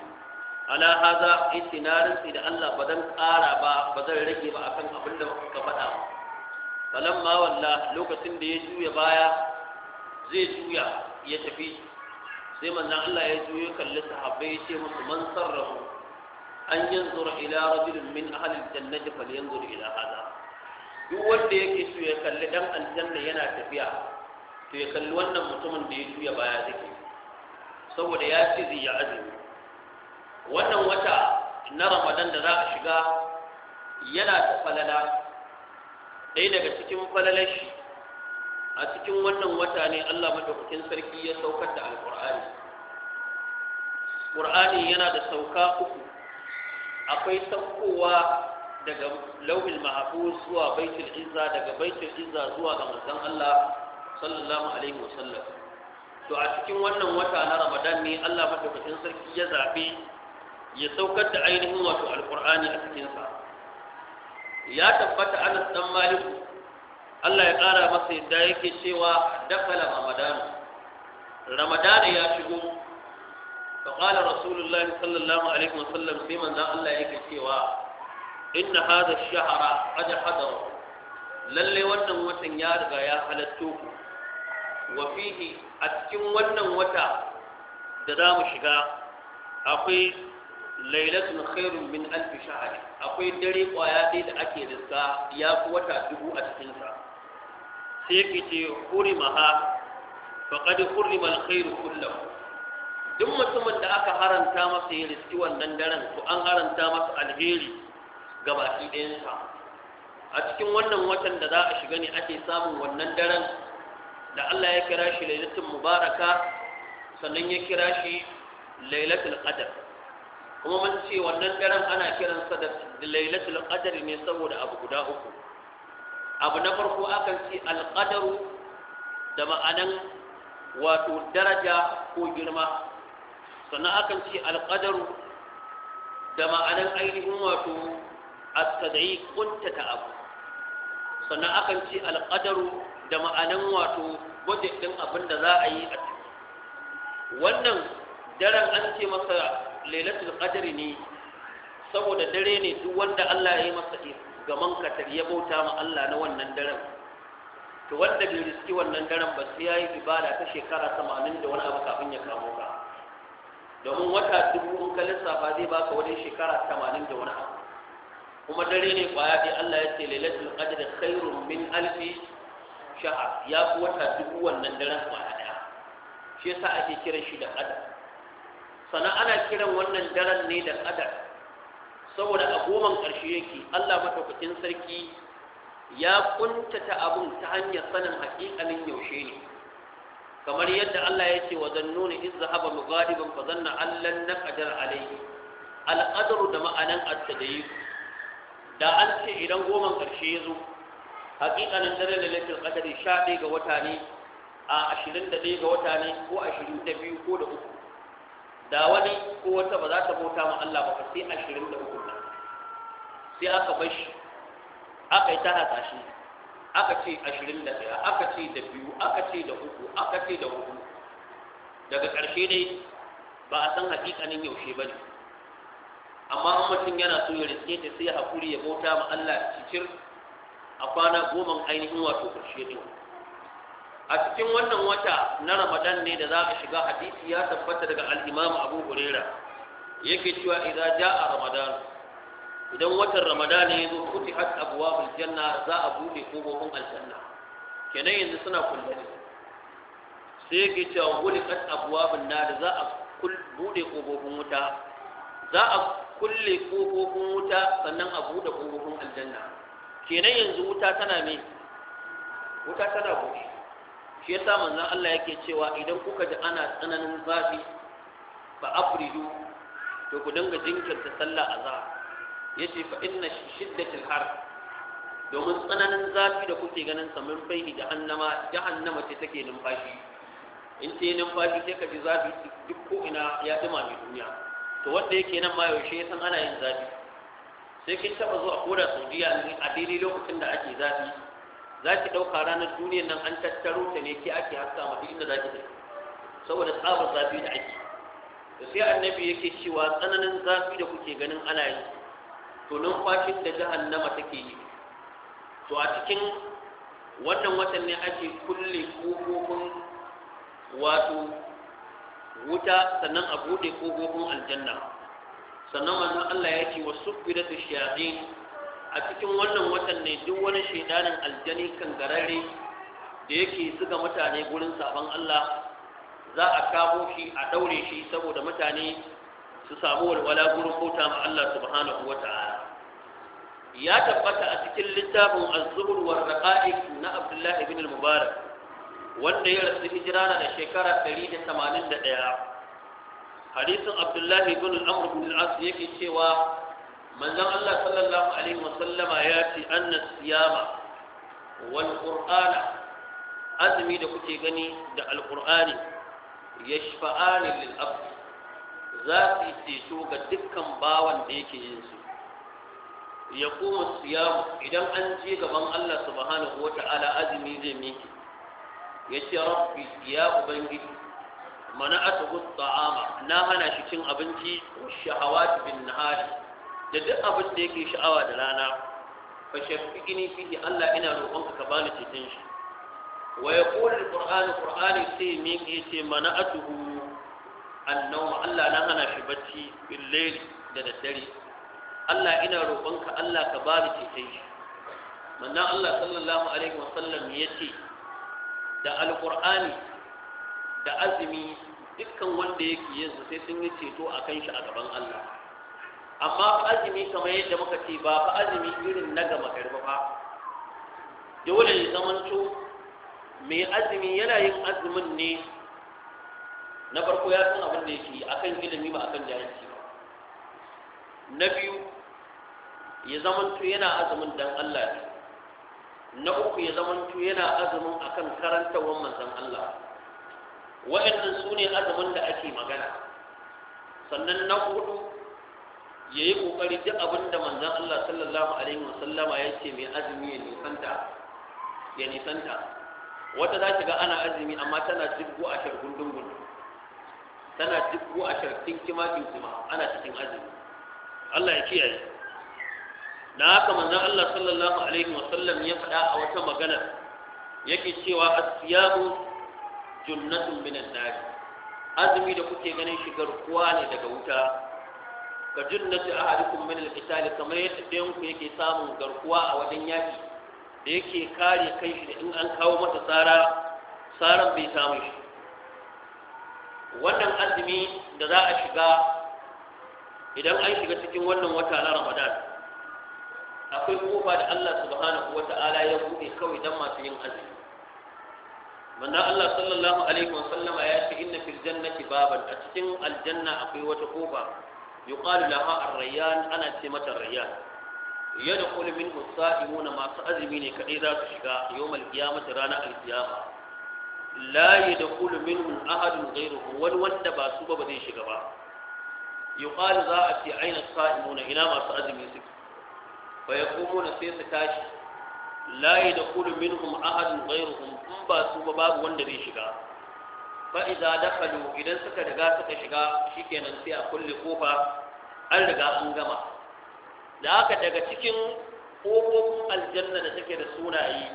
ala hada itinarin sai da Allah ba zan ƙara ba ba zan rage ba akan abin da ka faɗa falamma walla lokacin da ya juya baya zai juya ya tafi sai manzon Allah ya juya kalli sahabbai ya ce musu man sarrahu an yanzura ila rajulin min ahli aljannati falyanzur ila hada duk wanda yake so ya kalli dan aljanna yana tafiya to ya kalli wannan mutumin da ya juya baya zake saboda ya ce zai ya azumi wannan wata na ramadan da za a shiga yana ta falala ɗaya daga cikin falalashi a cikin wannan wata ne allah madaukakin sarki ya saukar da alƙur'ani ƙur'ani yana da sauka uku akwai saukowa daga lauhin mahabu zuwa baitul izza daga baitul izza zuwa ga manzon allah sallallahu alaihi wa wasallam to a cikin wannan wata na ramadan ne Allah madaukakin sarki ya zaɓe ya saukar da ainihin wato alqur'ani a cikinsa. ya tabbata Anas dan Malik Allah ya ƙara masa yadda yake cewa dakala ramadan ramadan ya shigo فقال رسول الله صلى الله عليه وسلم في من ذا الله yake cewa إن هذا الشهر قد حضر lalle wannan watan ya riga ya halatto ku Wafihi, a cikin wannan wata da za mu shiga akwai lailatun khairun min alfi shahari akwai dare kwaya ɗaya da ake riska ya fi wata dubu a cikinsa sai yake ce hurimaha faqad hurima alkhairu kullum. duk mutumin da aka haranta masa ya riski wannan daren to an haranta masa alheri ga baki ɗayansa a cikin wannan watan da za a shiga ne ake samun wannan daren da Allah ya kira shi lailatul mubaraka sannan ya kira shi lailatul qadar kuma mun ce wannan daren ana kiransa da lailatul qadar ne saboda abu guda uku abu na farko akan ce alqadaru da ma'anan wato daraja ko girma sannan akan ce alqadaru da ma'anan ainihin wato at-tad'i kuntata abu sannan akan ce alqadaru da ma'anin wato gwaje ɗin abin da za a yi a ciki wannan daren an ce masa lailatul qadri ne saboda dare ne duk wanda Allah ya yi masa gaman katar ya bauta ma Allah na wannan daren to wanda bai riski wannan daren ba sai yayi ibada ta shekara 80 da wani abu kafin ya kamo ka domin wata dubu in ka lissafa zai baka wani shekara 80 da wani abu kuma dare ne kwaya dai Allah ya ce lailatul qadri khairun min alfi shahar ya fi wata dubu wannan daren kwana shi yasa ake kiran shi da qadar sannan ana kiran wannan daren ne da qadar saboda a goman ƙarshe yake Allah madaukakin sarki ya kuntata abun ta hanyar sanin haƙiƙanin yaushe ne kamar yadda Allah ya ce wa zannuni iz zahaba mughadiban fa zanna allan naqdir alayhi alqadru da ma'anan at da an ce idan goman ƙarshe ya zo haƙiƙanin dare da lafiyar ƙadari sha ɗaya ga wata ne a ashirin da ɗaya ga wata ne ko ashirin da biyu ko da uku da wani ko wata ba za ta bauta ma Allah ba sai ashirin da uku sai aka bar shi aka yi ta shi aka ce ashirin da ɗaya aka ce da biyu aka ce da uku aka ce da hudu daga ƙarshe dai ba a san haƙiƙanin yaushe ba ne amma in mutum yana so ya riske ta sai ya haƙuri ya bauta ma Allah cikin a kwana goma ainihin wato ƙarshe ne a cikin wannan wata na ramadan ne da za a shiga hadisi ya tabbata daga al'imamu abu hurera yake cewa idan ja a ramadan idan watan ramadan ya zo kuti hat abuwa aljanna za a buɗe ƙofofin aljanna kenan yanzu suna kulle sai yake cewa wuli kat abuwa na da za a buɗe kogogon wuta za a kulle ƙofofin wuta sannan a buɗe ƙofofin aljanna kenan yanzu wuta tana me wuta tana gobe shi yasa manzon Allah yake cewa idan kuka ji ana tsananin zafi fa afridu to ku dinga jinkirta sallah azhar yace fa inna shiddatil har domin tsananin zafi da kuke ganin saman bai annama jahannama ce take numfashi in ce numfashi sai ka ji zafi duk ko ina ya dima mai duniya to wanda yake nan ma yaushe san ana yin zafi sai kin taba zuwa koda saudiya ne a daidai lokacin da ake zafi za ki ɗauka ranar duniyar nan an tattaro ta ne ke ake haska mafi inda za ki tafi saboda tsabar zafi da ake da sai annabi yake cewa tsananin zafi da kuke ganin ana yi to numfashin da jahannama take yi to a cikin wannan watan ne ake kulle kofofin wato wuta sannan a buɗe kofofin aljanna sannan manzon Allah ya ce wa subbiratu shayatin a cikin wannan watan ne duk wani shaidanin aljani kan gararre da yake zuga mutane gurin sabon Allah za a kamo shi a daure shi saboda mutane su samu walwala gurin bauta ma Allah subhanahu wata'ala ya tabbata a cikin littafin az-zubur war raqa'iq na Abdullah ibn al-Mubarak wanda ya rasu hijira da shekara 181 hadisin abdullahi bin Al'amur bin al-as yake cewa manzon Allah sallallahu alaihi wasallama ya ce anna siyama wal qur'ana azumi da kuke gani da alqur'ani yashfa'ani lil abd za su yi ceto ga dukkan bawan da yake yin su ya kuma siyamu idan an je gaban Allah subhanahu ta'ala azumi zai miki ya ce rabbi ya ubangiji mana atuhu ta'ama na hana shi cin abinci shahawat bin nahari da duk abin da yake sha'awa da rana fa shafiqini fihi Allah ina roƙonka ka bani cikin shi wa yaqul alquran qur'ani sai me min ce, mana atuhu annawm Allah na hana shi bacci bil layl da daddare Allah ina roƙonka Allah ka bani cikin shi manzon Allah sallallahu alaihi wa wasallam yace da alqur'ani da azumi dukkan wanda yake yin su sai sun yi ceto a kan shi a gaban Allah amma fa azumi kamar yadda muka ce ba fa azumi irin na gama garba ba dole ya to mai azumi yana yin azumin ne na farko ya san abin da yake akan ilimi ba akan jahilci ba na biyu ya to yana azumin dan Allah ne na uku ya to yana azumin akan wannan manzon Allah wa'annan su ne azumin da ake magana sannan na hudu ya yi ƙoƙari duk abin da manzan Allah sallallahu alaihi wasallama ya ce mai azumi ya nisanta ya nisanta wata za ki ga ana azumi amma tana jibgo a shar gundungun tana jibgo a shar tinkima tinkima ana cikin azumi Allah ya kiyaye da haka manzan Allah sallallahu alaihi wasallam ya faɗa a wata magana yake cewa asiyamu junnatun minan nar azumi da kuke ganin shigar garkuwa ne daga wuta ka junnatu a min al-qital kamar yadda ɗayan ku yake samun garkuwa a wajen yaki da yake kare kai shi da in an kawo masa tsara tsaron bai samu shi wannan azumi da za a shiga idan an shiga cikin wannan wata na ramadan akwai kofa da allah subhanahu wa ta'ala ya buɗe kawai don masu yin azumi manzon Allah sallallahu alaihi Sallama ya ce inna fil jannati baban a cikin aljanna akwai wata kofa yuqalu laha ar-rayyan ana ce mata rayyan yadkhul minhu as-sa'imuna masu azumi ne kadai za su shiga yawmal qiyamati ranar al-qiyama la yadkhulu minhum ahadun ghayruhu wani wanda ba su ba ba zai shiga ba yuqalu za a ce aina as-sa'imuna ina masu azumi suke fa yaqumuna sai su tashi la yadkhulu minhum ahadun ghayruhum in ba su ba babu wanda zai shiga fa idza dakhalu idan suka riga suka shiga shikenan sai a kulle kofa an riga an gama da haka daga cikin kofofin aljanna da take da sunaye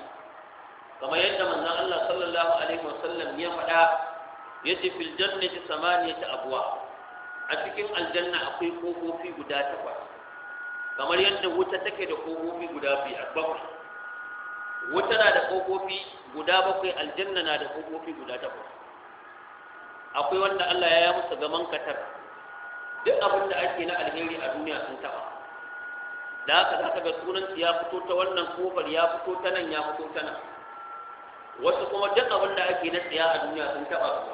kamar yadda manzon Allah sallallahu alaihi wasallam ya faɗa a cikin aljanna akwai kofofi guda takwas kamar yadda wuta take da kofofi guda biyar bakwai wuta na da ƙofofi guda bakwai aljanna na da ƙofofi guda takwas akwai wanda Allah ya yi musu gaman katar duk abin da ake na alheri a duniya sun taɓa da haka za ka ga sunansu ya fito ta wannan kofar ya fito ta nan ya fito ta nan wasu kuma duk abin da ake na tsaya a duniya sun taɓa su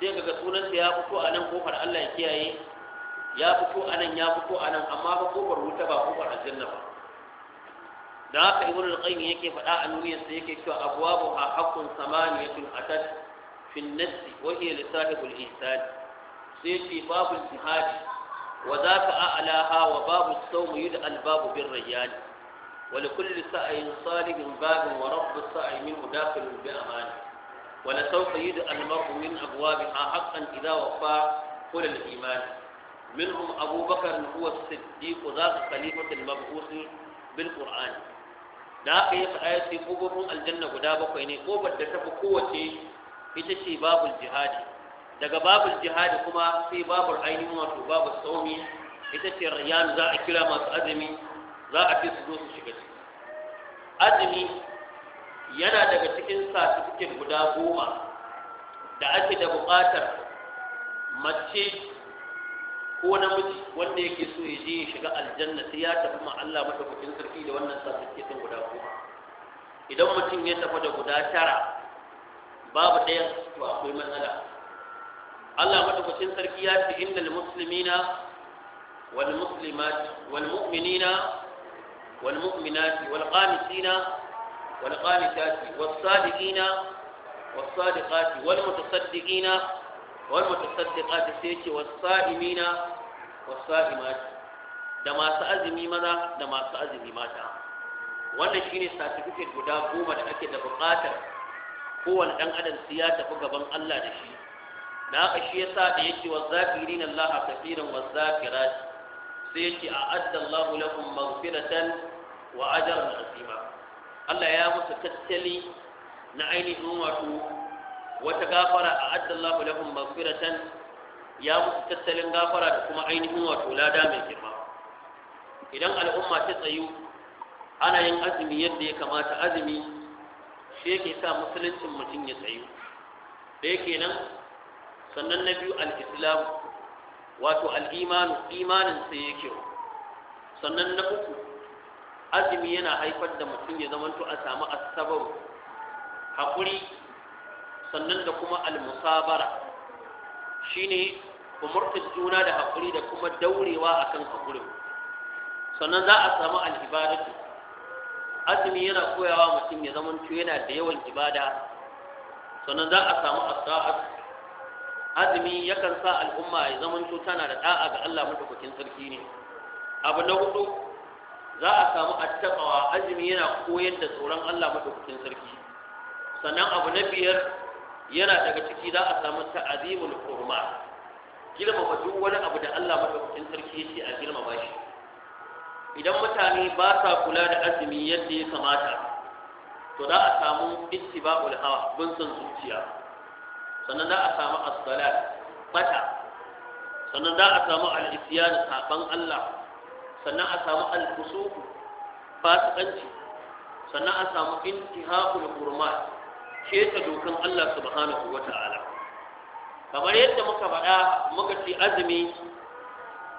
sai ka ga sunansu ya fito a nan kofar Allah ya kiyaye ya fito a nan ya fito a nan amma ba kofar wuta ba kofar aljanna ba da haka ibn al-qayyim yake faɗa a nuriyar sa yake cewa abwabu ha haqqun samaniyatun atat fi an-nass wa hiya li sahibul ihsan sai ce babu jihad wa zaka a'laha wa babu sawm yud'a al-babu bir rayyan wa li kulli sa'in salihin babun wa rabbu sa'i minhu dakhilun bi amani wa la sawfa yud'a al-mar'u min abwabiha haqqan idha wafa kullu al-iman منهم أبو بكر هو الصديق ذاك خليفة المبعوث بالقرآن da aka yi faɗa ya ƙofofin aljanna guda bakwai ne ƙofar da tafi kowace ita ce babul jihadi daga babul jihadi kuma sai babul ainihin wato babu tsaumi ita ce rayyan za a kira masu azumi za a fi su zo su shiga ciki azumi yana daga cikin satifiket guda goma da ake da buƙatar mace ko namiji wanda yake so ya je ya shiga aljanna sai ya tafi ma Allah madaukakin sarki da wannan sun guda goma idan mutum ya tafi da guda tara babu ɗaya to akwai matsala Allah madaukakin sarki ya ce innal muslimina wal muslimat wal mu'minina wal mu'minat wal qanitina wal qanitat was sadiqina was sadiqat wal mutasaddiqina wal mutasaddiqat sai ce was sa'imina wasa'imati da masu azumi maza da masu azumi mata wannan shine certificate guda goma da ake da buƙatar kowane dan adam su ya tafi gaban Allah da shi da haka shi yasa da yake wa zakirin Allah kafiran wa zakirat sai yake a adda Allah lahum maghfiratan wa ajran azima Allah ya musu tattali na ainihin wato wata gafara a adda Allah lahum maghfiratan ya mutu tattalin gafara da kuma ainihin wato lada mai girma idan al'umma ta tsayu ana yin azumi yadda ya kamata azumi shi yake sa musuluncin mutum ya tsayu da yake nan sannan na biyu al'islam wato al'imanu imanin sai ya kyau sannan na uku azumi yana haifar da mutum ya zamanto a samu asabar haƙuri sannan da kuma al-musabara shine murta juna da haƙuri da kuma daurewa akan haƙurin sannan za a samu al'ibadatu azumi yana koyawa mutum ya zama yana da yawan ibada sannan za a samu asra'at azumi yakan sa al'umma ya zama tana da da'a ga Allah madaukakin sarki ne abu na hudu za a samu attaqwa azumi yana koyar da tsoron Allah madaukakin sarki sannan abu na biyar yana daga ciki za a samu ta'azimul hurma girmama duk wani abu da Allah madaukakin sarki yake a girmama shi idan mutane ba sa kula da azumi yadda ya kamata to za a samu ittiba'ul hawa bin son zuciya sannan za a samu as-salat bata sannan za a samu al-isyan saban Allah sannan a samu al-fusuq fasikanci sannan a samu intihakul hurmat keta dokan Allah subhanahu wa ta'ala kamar yadda muka faɗa muka ce azumi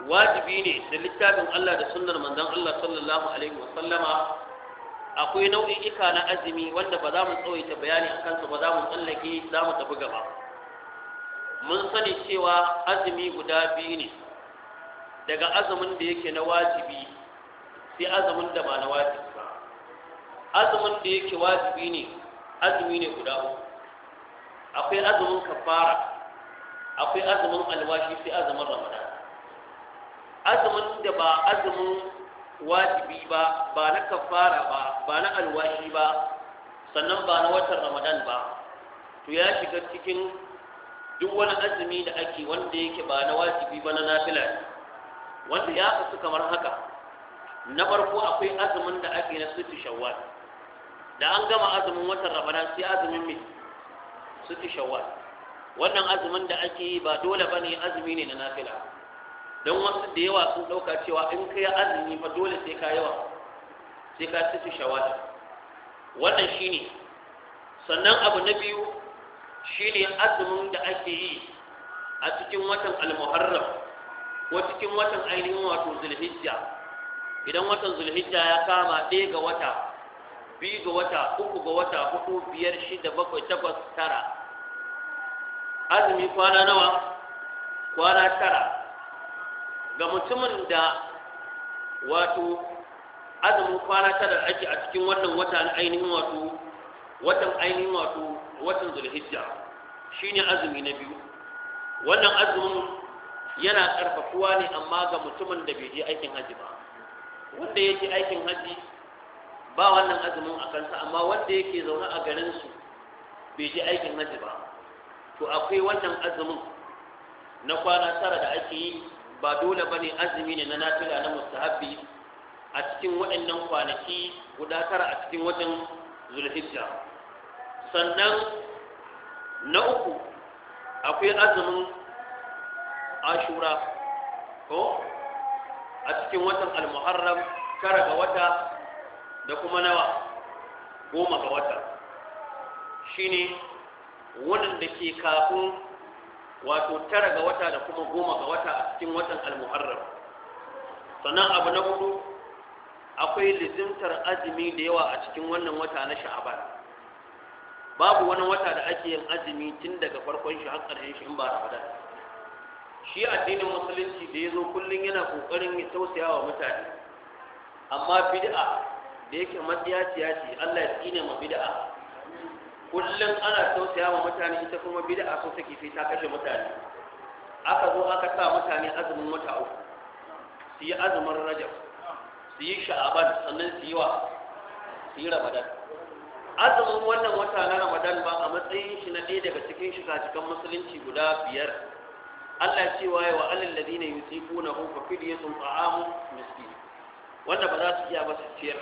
wajibi ne da littafin Allah da sunnar manzon Allah sallallahu alaihi wa sallama akwai nau'i'ika na azumi wanda ba za mu tsawaita bayani a kansu ba za mu tsallake za mu tafi gaba mun sani cewa azumi guda biyu ne daga azumin da yake na wajibi sai azumin da ba na wajibi ba azumin da yake wajibi ne azumi ne guda uku akwai azumin kafara akwai azumin alwashi sai azumin ramadan azumin da ba azumin wajibi ba ba na kafara ba ba na alwashi ba sannan ba na watan ramadan ba to ya shiga cikin duk wani azumi da ake wanda yake ba na wajibi ba na nafila wanda ya kasu kamar haka na farko akwai azumin da ake na sutu shawwal da an gama azumin watan rabana sai azumin mai sutu shawwal wannan azumin da ake yi ba dole bane azumi ne na nafila don wasu da yawa sun dauka cewa in ka yi azumi fa dole sai ka yawa sai ka sutu shawwal wannan shine sannan abu na biyu shine azumin da ake yi a cikin watan al-muharram ko cikin watan ainihin wato zulhijja idan watan zulhijja ya kama ɗaya ga wata biyu ga wata uku ga wata hudu biyar shida bakwai takwas tara azumi kwana nawa kwana tara ga mutumin da wato azumin kwana tara ake a cikin wannan wata na ainihin wato watan ainihin wato watan zulhijja shine azumi na biyu wannan azumin yana ƙarfafuwa ne amma ga mutumin da bai je aikin haji ba wanda yake aikin haji ba wannan azumin a kansa amma wanda yake zaune a garin su bai ji aikin haji ba to akwai wannan azumin na kwana tara da ake yi ba dole bane azumi ne na nafila na mustahabbi a cikin waɗannan kwanaki guda tara a cikin watan zulhijja sannan na uku akwai azumin ashura ko a cikin watan almuharram tara ga wata da kuma nawa goma ga wata shi ne waɗanda ke kafin wato tara ga wata da kuma goma ga wata a cikin watan almuharram sannan abu na hudu akwai lizimtar azumi da yawa a cikin wannan wata na sha'aban babu wani wata da ake yin azumi tun daga farkon shi har shi in ba ramadan shi addinin musulunci da ya zo kullum yana ƙoƙarin ya tausaya wa mutane amma bid'a da yake matsiya siyasi Allah ya tsine ma bid'a kullum ana tausaya wa mutane ita kuma bid'a so take sai ta kashe mutane aka zo aka sa mutane azumin wata uku su yi azumin rajab su yi sha'aban sannan su yi wa su yi ramadan azumin wannan wata na ramadan ba a matsayin shi na ɗaya daga cikin shiga-shigan musulunci guda biyar Allah ce waye wa alal ladina yusifuna hu fa fidyatun ta'amu miskin wanda ba za su iya ba su ciyar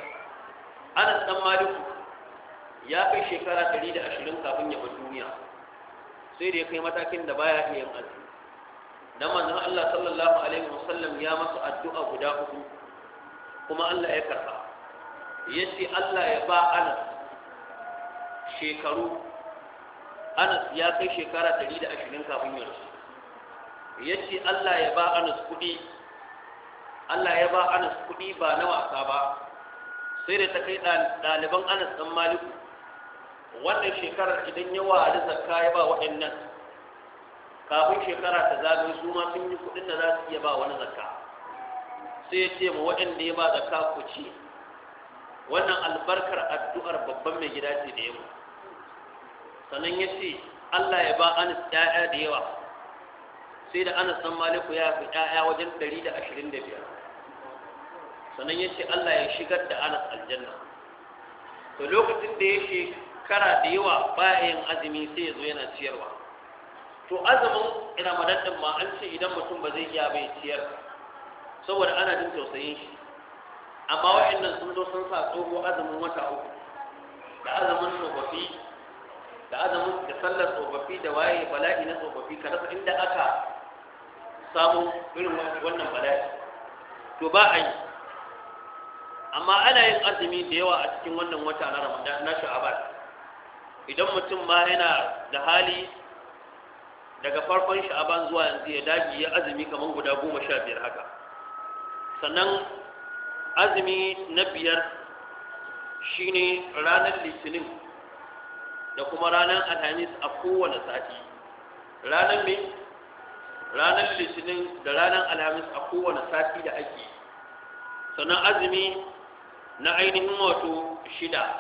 anas dan maliku ya kai shekara 120 kafin ya bar duniya sai da ya kai matakin da baya iya yin azumi dan manzon Allah sallallahu alaihi wasallam ya masa addu'a guda uku kuma Allah ya karba yace Allah ya ba Anas shekaru Anas ya kai shekara 120 kafin ya rasu yace Allah ya ba Anas kudi Allah ya ba Anas kudi ba na wasa ba sai da ta kai ɗaliban anas ɗan maliku wannan shekarar idan yawa a risa ya ba waɗannan kafin shekara ta zagaye su ma sun yi kuɗin da za su iya ba wani zakka sai ya ce ma waɗanda ya ba zakka ku ci wannan albarkar addu'ar babban mai gida ce da yawa sannan ya ce allah ya ba anas ɗaya da yawa sai da anas ɗan maliku ya fi ɗaya wajen ɗari da ashirin da biyar sannan ya ce Allah ya shigar da anas aljanna to lokacin da ya shekara da yawa bayan azumi sai ya zo yana ciyarwa to azumin ina madadin ma an ce idan mutum ba zai iya bai ciyar saboda ana jin tausayin shi amma waɗannan sun zo sun sa tsoho azumin wata uku da azumin tsofaffi da azumin da sallar tsofaffi da waye bala'i na tsofaffi ka rasa inda aka samu irin wannan bala'i to ba a yi amma ana yin azumi da yawa a cikin wannan wata na ramadan na sha'aban idan mutum ma yana da hali daga farkon sha'aban zuwa yanzu ya dage ya azumi kamar guda goma sha biyar haka sannan azumi na biyar shine ranar litinin da kuma ranar alhamis a kowane sati ranar mai ranar litinin da ranar alhamis a kowane sati da ake sannan azumi na ainihin wato shida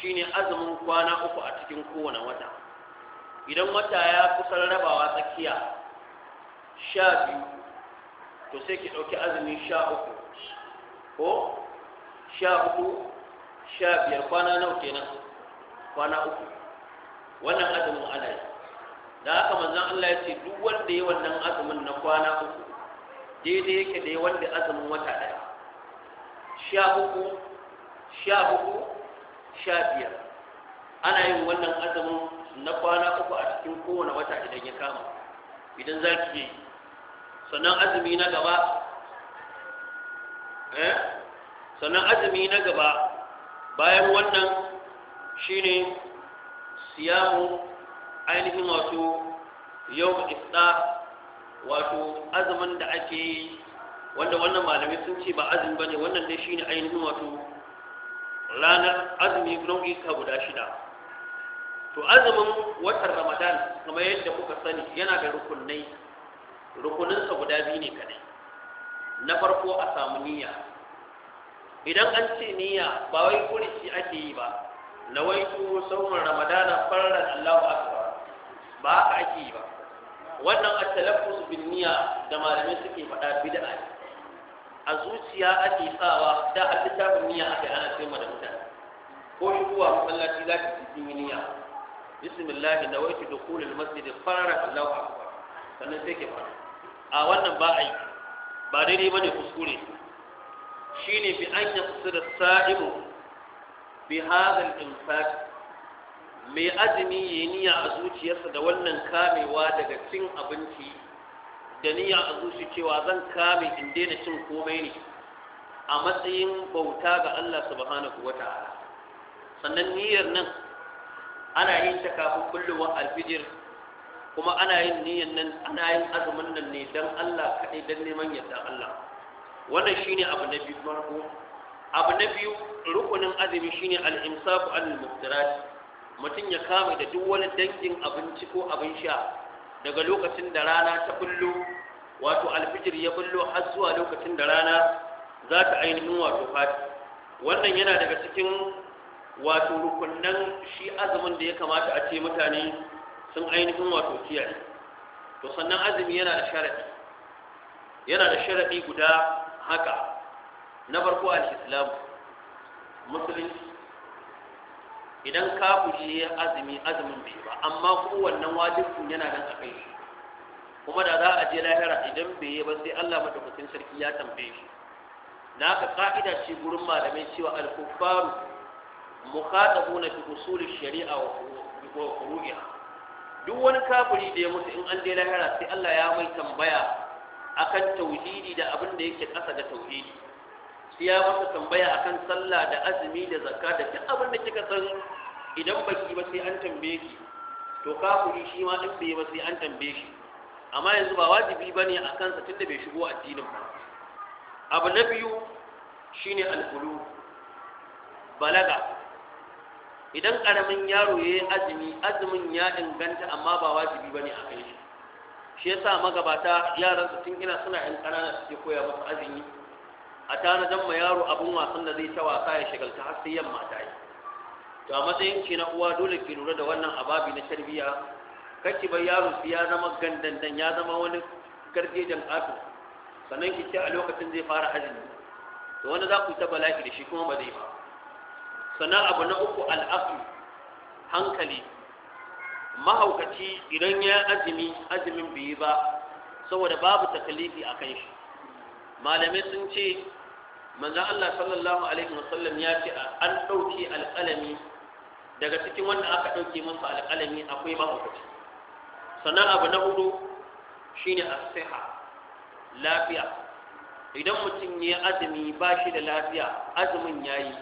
shine azumin kwana uku a cikin kowane wata idan wata ya kusan rabawa tsakiya sha biyu to sai ki ɗauki azumi sha uku ko sha uku sha biyar kwana nau kenan kwana uku wannan azumin ana yi da haka manzan Allah ya ce duk wanda ya wannan azumin na kwana uku daidai yake da wanda azumin wata ɗaya sha uku sha uku sha biyar ana yin wannan azumin na kwana uku a cikin kowane wata idan ya kama idan za ki yi sannan azumi na gaba eh sannan azumi na gaba bayan wannan shine siyamu ainihin wato yau ifta wato azumin da ake yi wanda wannan malamai sun ce ba azumi bane wannan dai shine ainihin wato ranar azumi nau'i ka guda shida to azumin watan ramadan kamar yadda kuka sani yana da rukunai rukuninsa guda biyu ne kadai na farko a samu niyya idan an ce niyya ba wai kurici ake yi ba na wai tuwo sauran Ramadan farar allahu akbar ba haka ake yi ba wannan at-talaffuz bin niyya da malamai suke faɗa bid'a ne a zuciya ake tsawa da a littafin niyya aka ana sai mana mutane ko shi kuwa masallaci za ki ci yi niyya bismillah da wai ki dukulul masjid fara Allahu akbar sannan sai ki fara a wannan ba ai ba daidai bane kuskure shine bi an yafsira sa'imu bi hadha al-imsak mai azumi yayi niyya a zuciyarsa da wannan kamewa daga cin abinci da niyyar a zuci cewa zan kame in daina cin komai ne a matsayin bauta ga Allah subhanahu ta'ala. sannan niyyar nan ana yin ta kafin kulluwa alfijir kuma ana yin niyyar nan ana yin azumin nan ne dan Allah kaɗai dan neman yadda Allah wannan shine abu na biyu farko abu na biyu rukunin azumi shine al-imsaku al-muftirat mutum ya kame da duk wani dangin abinci ko abin sha daga lokacin da rana ta bullo wato alfijir ya bullo har zuwa lokacin da rana za ta ainihin wato fati wannan yana daga cikin wato rukunnan shi azumin da ya kamata a ce mutane sun ainihin wato kiyaye to sannan azumi yana da sharadi yana da sharadi guda haka na farko al-islam musulunci idan shi ya azumi azumin bai ba amma kowannan wajibin yana nan a kai shi kuma da za a je lahira idan bai yi ba sai Allah madaukakin sarki ya tambaye shi Na ka ka'ida ce gurin malamai cewa al-kuffaru mukhatabuna fi usuli shari'a wa furu'iha duk wani kafiri da ya mutu in an je lahira sai Allah ya mai tambaya akan tauhidi da abin da yake kasa da tauhidi sai ya masa tambaya akan sallah da azumi da zakka da duk abin da kika san idan baki ba sai an tambaye ki to kuri shi ma din ba sai an tambaye shi amma yanzu ba wajibi bane a kansa tunda bai shigo addinin ba abu na biyu shine alkulu balaga idan karamin yaro yayi azumi azumin ya inganta amma ba wajibi bane a kai shi shi yasa magabata yaran su tun ina suna yan ƙanana suke koya musu azumi a tanadan ma yaro abun wasan da zai ta wasa ya shagalta har sai yamma ta yi to a matsayin ki na uwa dole ki lura da wannan ababi na tarbiya kake bai yaro ya zama gandandan ya zama wani gargejen ato sannan ki ce a lokacin zai fara azumi to wanda za ku ta bala'i da shi kuma ba zai ba sannan abu na uku al'afi hankali mahaukaci idan ya azumi azumin bai yi ba saboda babu takalifi a kan shi malamai sun ce manzan Allah sallallahu alaihi wasallam ya ce an ɗauki alƙalami daga cikin wanda aka ɗauke masa alƙalami akwai mahaukaci sannan abu na hudu shine asiha lafiya idan mutum ya azumi ba shi da lafiya azumin ya yi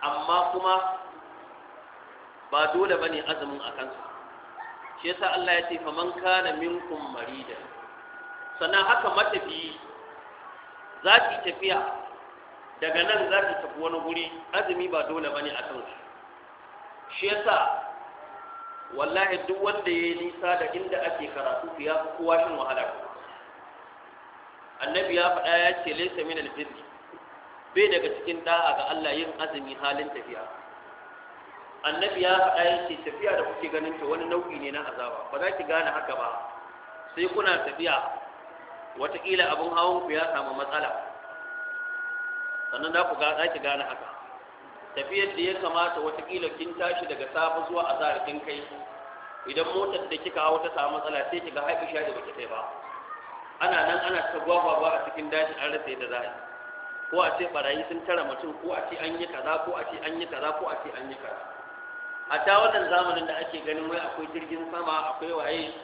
amma kuma ba dole ba ne azumin a kansa shi yasa Allah ya ce faman kana minkum marida sannan haka matafiyi za ki tafiya daga nan za ki tafi wani guri azumi ba dole ba ne a kansa shi yasa wallahi duk wanda ya yi nisa da inda ake karatu ya fi kowa shin wahala annabi ya faɗa ya ce laisa min albirri bai daga cikin da'a ga Allah yin azumi halin tafiya annabi ya faɗa ya ce tafiya da kuke ganin ta wani nau'i ne na azaba ba za ki gane haka ba sai kuna tafiya wataƙila abin hawan ku ya samu matsala sannan za ku ga za ki gane haka tafiyar da ya kamata watakila kin tashi daga safe zuwa a zarafin kai idan motar da kika hau ta samu matsala sai kiga sha da baki kai ba ana nan ana ta gwagwa ba a cikin daji an rasa yadda za a yi ko a ce barayi sun tara mutum ko a ce an yi kaza ko a ce an yi kaza ko a ce an yi kaza a ta wannan zamanin da ake ganin wai akwai jirgin sama akwai waye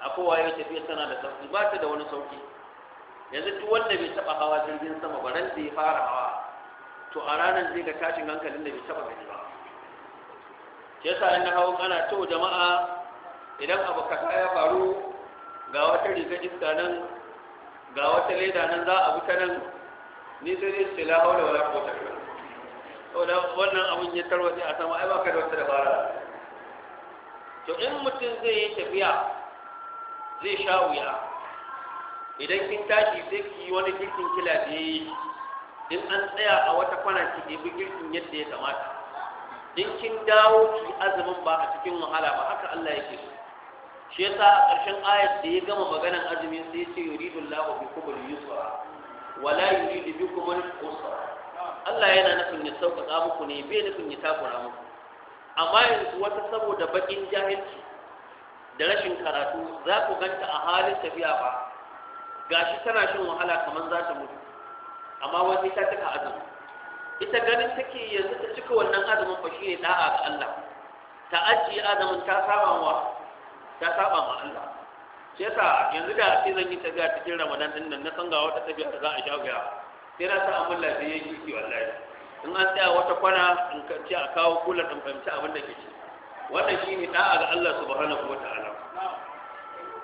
akwai waye tafiya tana da sauki ba ta da wani sauki yanzu duk wanda bai taba hawa jirgin sama ba ran da ya fara hawa to a ranar zai ga tashin hankalin da bai taba gani ba yasa in na hawan ana to jama'a idan abu kasa ya faru ga wata riga iska nan ga wata leda nan za a wuta nan ni sai dai sila haula wala kota saboda wannan abun ya tarwaje a sama ai ba ka da wata dabara to in mutum zai yi tafiya zai sha wuya idan kin tashi sai ki yi wani girkin kila da in an tsaya a wata kwana ki ɗebi girkin yadda ya kamata in kin dawo ki azumin ba a cikin wahala ba haka Allah yake so shi yasa a ƙarshen ayat da ya gama maganan azumi sai ya ce yuridu Allahu bikum al-yusra la yuridu bikum al-usra Allah yana nufin ya sauƙaƙa muku ne bai nufin ya takura muku amma yanzu wata saboda bakin jahilci da rashin karatu za ku ganta a halin tafiya ba gashi tana shin wahala kamar za ta mutu amma wani ta cika azumi ita ganin take yanzu ta cika wannan azumin ba shine da'a ga Allah ta ajiye azumin ta saba wa ta saba ma Allah shi yasa yanzu da sai zan yi ga cikin Ramadan din nan na san ga wata tafiya da za a sha wuya sai na san abin lafiya yi ki wallahi in an tsaya wata kwana in ka a kawo kula dan fahimci abin da ke ci wannan shine da'a ga Allah subhanahu wataala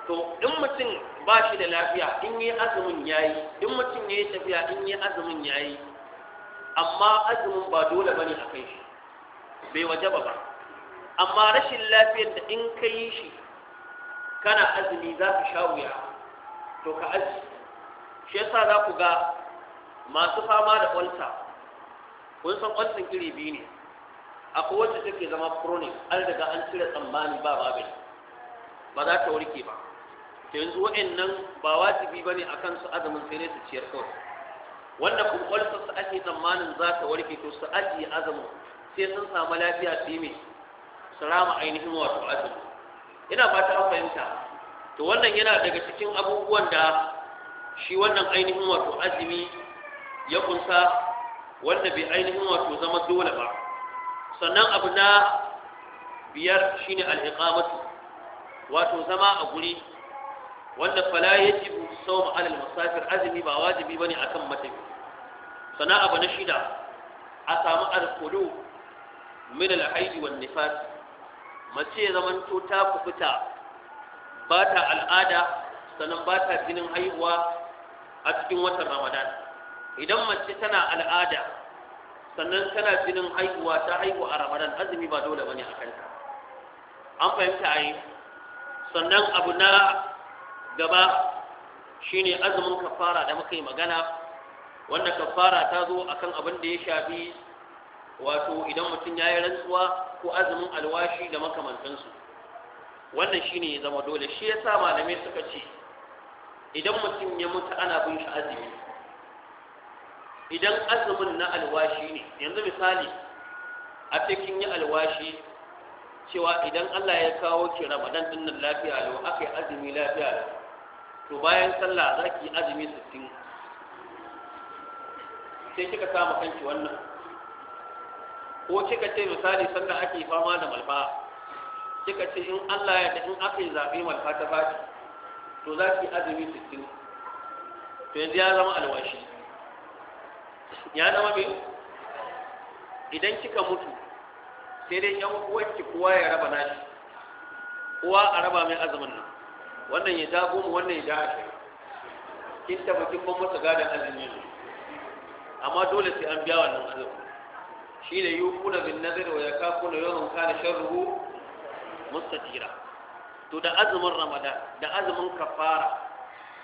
to in mutum ba shi da lafiya in yi azumin ya yi, in mutum ya yi tafiya in yi azumin ya yi, amma azumin ba dole ba ne a kai shi bai waje ba amma rashin lafiyar da in ka yi shi kana azumi za ka sha wuya to ka aji shi yasa za ku ga masu fama da olta kun san oltan iri biyu ne akwai wacce take zama chronic an daga an cire tsammani ba babin, ba za ta warke ba yanzu wa'annan ba wajibi bane akan su azumin sai ne su ciyar kawai wanda kuma su ake tsammanin za ta warke to su ajiye azumin sai sun samu lafiya su yi mai su rama ainihin wato azumin. ina fata an fahimta to wannan yana daga cikin abubuwan da shi wannan ainihin wato azumi ya kunsa wanda bai ainihin wato zama dole ba sannan abu na biyar shine al-iqamatu wato zama a guri wanda fala yajibu sawm alal musafir azumi ba wajibi ba bane akan matafi Sana'a ba na shida a samu alqulu min al wa wan nifas mace ya zaman to ta kubuta ba ta al'ada sannan ba ta jinin haihuwa a cikin watan ramadan idan mace tana al'ada sannan tana jinin haihuwa ta haihu a ramadan azumi ba dole ba ne a kanta an fahimta ai sannan abu na gaba shine azumin kafara da muka yi magana wanda kafara ta zo akan abin da ya shafi wato idan mutum ya yi rantsuwa ko azumin alwashi da makamantansu wannan shine ya zama dole shi yasa malamai suka ce idan mutum ya mutu ana bin shi azumi idan azumin na alwashi ne yanzu misali a cikin yi alwashi cewa idan Allah ya kawo ki Ramadan dinnan lafiya lau aka azumi lafiya lau to bayan sallah za ki azumi sittin sai kika samu kanki wannan ko kika ce misali sallah ake fama da malfa kika ce in Allah ya da in aka yi zaɓe malfa ta baki to za ki azumi sittin to yanzu ya zama alwashi ya zama mai idan kika mutu sai dai yan uwanki kowa ya raba nashi kowa a raba mai azumin nan wannan ya ja mu wannan ya ja ashirin kin taba kin ban masa gadon azumi ne amma dole sai an biya wannan azumi shi ne yuquna bin nadri wa yakafuna yawman kana sharruhu mustatira to da azumin ramadan da azumin kafara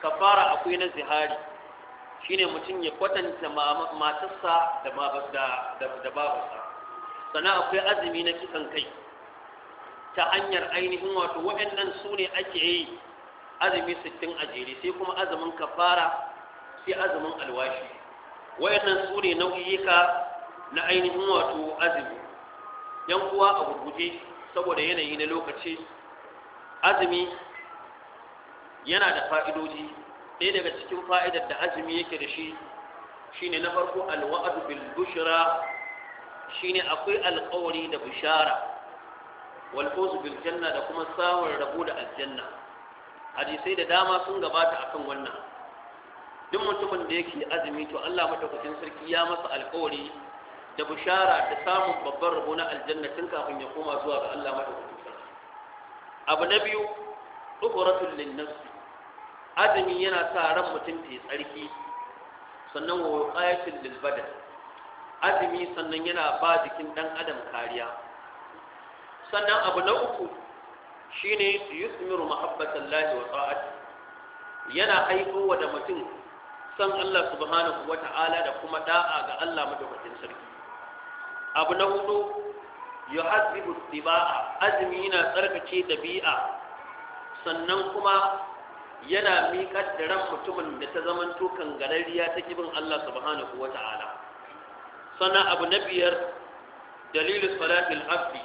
kafara akwai na zihari shine mutum ya kwatanta matarsa da babarsa sana akwai azumi na kisan kai ta hanyar ainihin wato waɗannan su ne ake yi azumi sittin a jere sai kuma azumin kafara sai azumin alwashi wayannan su ne nau'ika na ainihin wato azumi yan uwa a gurguje saboda yanayi na lokaci azumi yana da fa'idoji ɗaya daga cikin fa'idar da azumi yake da shi shine na farko alwa'adu bil bushra shine akwai alƙawari da bishara wal bil janna da kuma samun rabo da aljanna hadisai da dama sun gabata akan wannan duk mutumin da yake azumi to Allah madaukakin sarki ya masa alƙawari da bishara da samun babbar rabo na aljanna tun kafin ya koma zuwa ga Allah madaukakin sarki abu na biyu tuhuratul linnas azumi yana sa ran mutum ta tsarki sannan wa qayatul lil badan azumi sannan yana ba jikin dan adam kariya sannan abu na uku shine yusmiru mahabbatallahi wa ta'ati yana aiko wa da mutum san Allah subhanahu wa ta'ala da kuma da'a ga Allah madaukakin sarki abu na hudu yuhazzibu tiba'a azumi yana tsarkace dabi'a sannan kuma yana miƙar da ran mutumin da ta tukan galariya ta kibin Allah subhanahu wa ta'ala sannan abu na biyar dalilin salatil abdi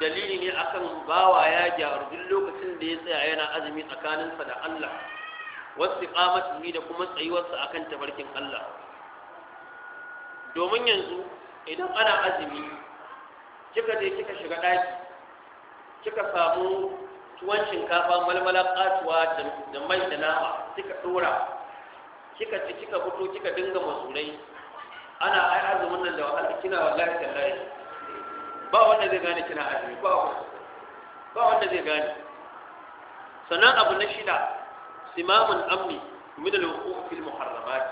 dalili ne akan bawa ya gyaru duk lokacin da ya tsaya yana azumi tsakaninsa da Allah wasu ne da kuma tsayuwarsa akan tabarkin Allah domin yanzu idan ana azumi kika je kika shiga ɗaki kika samu tuwon shinkafa malmala katuwa da mai da nama kika dora kika ci kika fito kika dinga masurai ana ai azumin nan da wahala kina wallahi tallahi ba wanda zai gane kina azumi ba ba wanda zai gane sannan abu na shida simamun amni min al-wuquf fil muharramat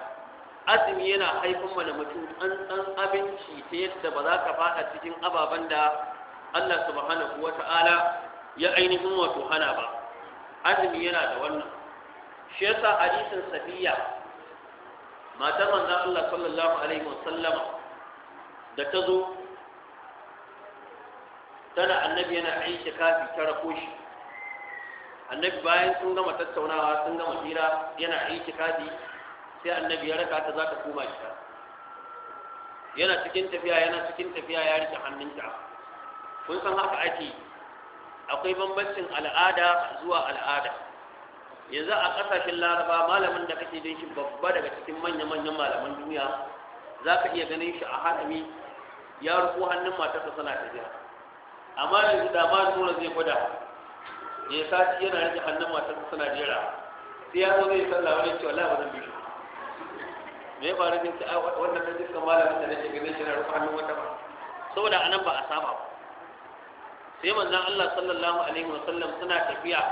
azumi yana haifar mana mutum an san abinci ta yadda ba za ka fada cikin ababen da Allah subhanahu wata'ala ya ainihin wato hana ba azumi yana da wannan shi yasa hadisin safiya matar manzon Allah sallallahu alaihi wasallama da ta zo sana annabi yana aisha kafi ta ko shi annabi bayan sun gama tattaunawa sun gama hira yana aisha kafi sai annabi ya raka ta za ta koma shi yana cikin tafiya yana cikin tafiya ya rike hannunta kun san haka ake akwai bambancin al'ada zuwa al'ada yanzu a ƙasashen laraba malamin da kake ganin shi babba daga cikin manya-manyan malaman duniya za ka iya ganin shi a hadami ya rufo hannun matarsa sana tafiya amma da su dama nuna zai gwada ya sati yana rage hannun masu suna jera sai ya zo zai sallah wani cewa la ba zan bishi me ba rage ta wannan da jiska malamin da nake ganin shi na rufe hannun wata ba saboda anan ba a saba ba sai manzon Allah sallallahu alaihi wasallam suna tafiya